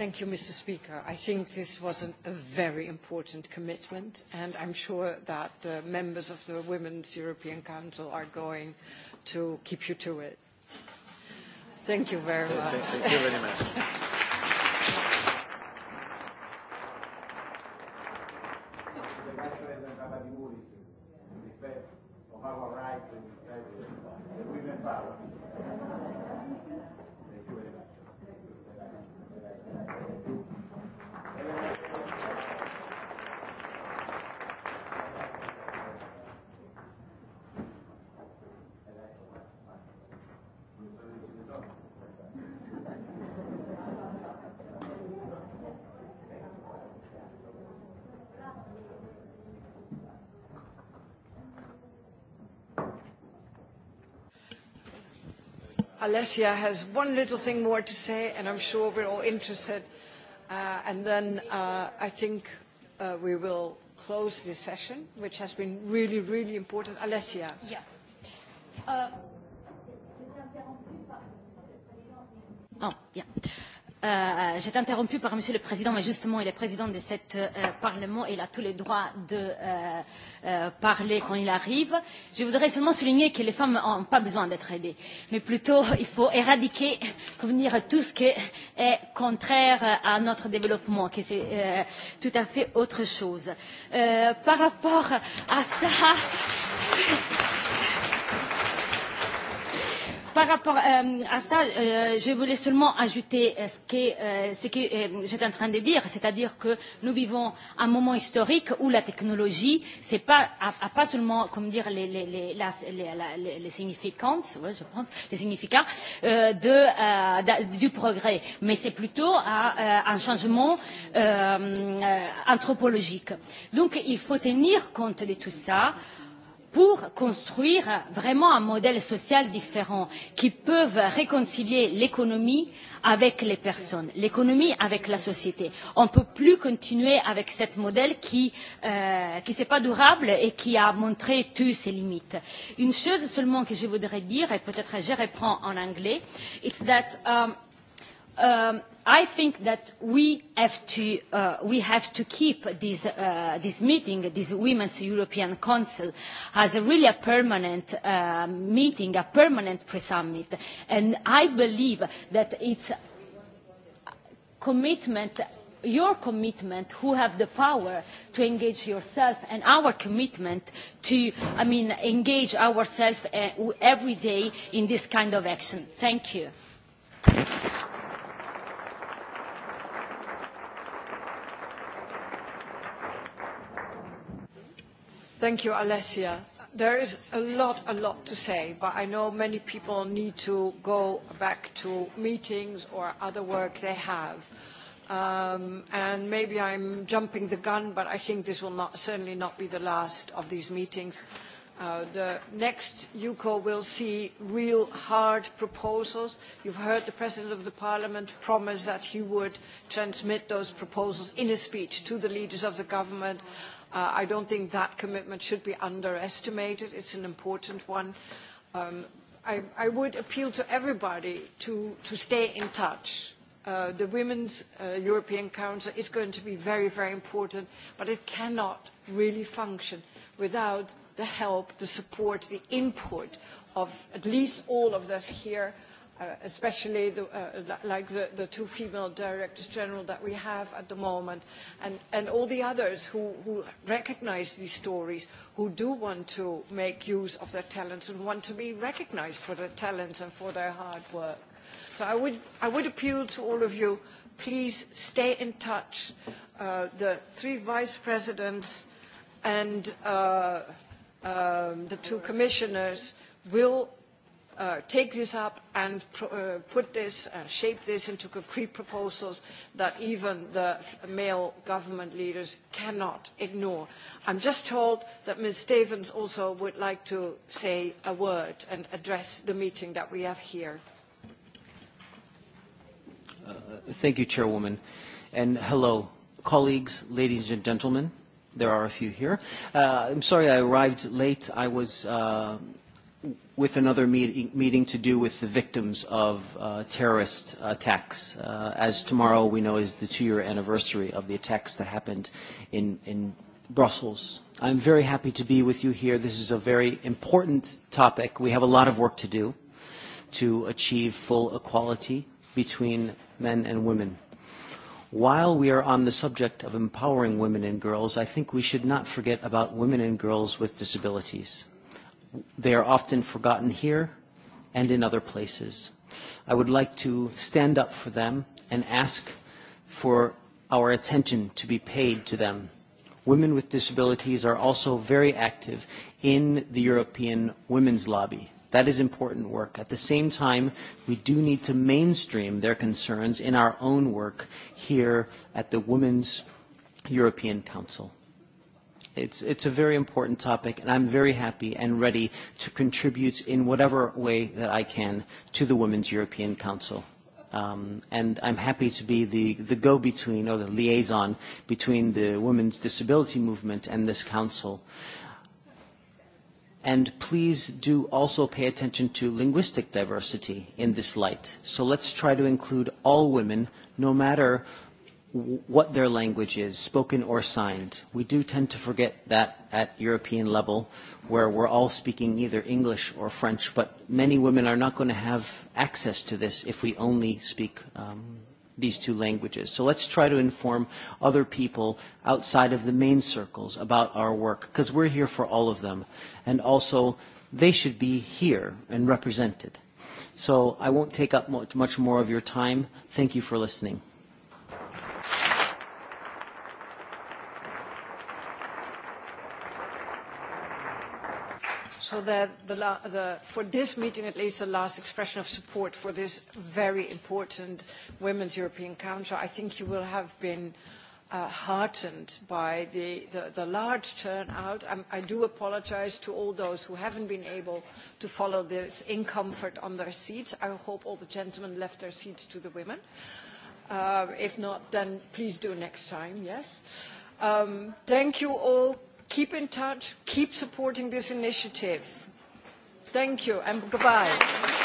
Thank you, Mr. Speaker. I think this was a very important commitment, and I'm sure that the members of the Women's European Council are going to keep you to it. Thank you very much. Thank you very much. Alessia has one little thing more to say, and I'm sure we're all interested. And then I think we will close this session, which has been really, really important. Alessia. Yeah j'ai été interrompue par Monsieur le Président, mais justement, il est président de ce Parlement et il a tous les droits de parler quand il arrive. Je voudrais seulement souligner que les femmes n'ont pas besoin d'être aidées, mais plutôt il faut éradiquer, convenir tout ce qui est contraire à notre développement, que c'est tout à fait autre chose. Par rapport à ça Par rapport à ça, je voulais seulement ajouter ce que, que j'étais en train de dire, c'est-à-dire que nous vivons un moment historique où la technologie n'a pas, pas seulement, comme dire, les, les, les, les, les ouais, je pense, les significats de, du progrès, mais c'est plutôt un changement anthropologique. Donc il faut tenir compte de tout ça pour construire vraiment un modèle social différent qui peut réconcilier l'économie avec les personnes, l'économie avec la société. On ne peut plus continuer avec ce modèle qui n'est pas durable et qui a montré toutes ses limites. Une chose seulement que je voudrais dire, et peut-être je reprends en anglais, is that I think that we have to keep this this meeting, this Women's European Council, as really a permanent meeting, a permanent pre-summit, and I believe that it's commitment your commitment who have the power to engage yourself and our commitment to i mean engage ourselves every day in this kind of action thank you Thank you, Alessia. There is a lot, a lot to say, but I know many people need to go back to meetings or other work they have. And maybe I'm jumping the gun, but I think this will certainly not be the last of these meetings. The next UCO will see real hard proposals. You've heard the President of the Parliament promise that he would transmit those proposals in a speech to the leaders of the government I don't think that commitment should be underestimated. It's an important one. I would appeal to everybody to stay in touch. The Women's European Council is going to be very, very important, but it cannot really function without the help, the support, the input of at least all of us here especially like the two female directors general that we have at the moment, and all the others who recognize these stories, who do want to make use of their talents and want to be recognized for their talents and for their hard work. So I would appeal to all of you, please stay in touch. The three vice presidents and the two commissioners will take this up and put this and shape this into concrete proposals that even the male government leaders cannot ignore. I'm just told that Ms. Stevens also would like to say a word and address the meeting that we have here. Thank you, Chairwoman. And hello, colleagues, ladies and gentlemen. There are a few here. I'm sorry I arrived late. I was with another meeting to do with the victims of terrorist attacks, as tomorrow we know is the two-year anniversary of the attacks that happened in Brussels. I'm very happy to be with you here. This is a very important topic. We have a lot of work to do to achieve full equality between men and women. While we are on the subject of empowering women and girls, I think we should not forget about women and girls with disabilities. They are often forgotten here and in other places. I would like to stand up for them and ask for our attention to be paid to them. Women with disabilities are also very active in the European Women's Lobby. That is important work. At the same time, we do need to mainstream their concerns in our own work here at the Women's European Council. It's it's a very important topic, and I'm very happy and ready to contribute in whatever way that I can to the Women's European Council. Um And I'm happy to be the the go-between or the liaison between the women's disability movement and this council. And please do also pay attention to linguistic diversity in this light. So let's try to include all women, no matter what their language is, spoken or signed. We do tend to forget that at European level, where we're all speaking either English or French, but many women are not going to have access to this if we only speak these two languages. So let's try to inform other people outside of the main circles about our work, because we're here for all of them. And also, they should be here and represented. So I won't take up much more of your time. Thank you for listening. so that the, for this meeting at least the last expression of support for this very important Women's European Council, I think you will have been heartened by the, the, the large turnout. I do apologize to all those who haven't been able to follow this in comfort on their seats. I hope all the gentlemen left their seats to the women. If not, then please do next time, yes. Thank you all keep in touch keep supporting this initiative. thank you and goodbye.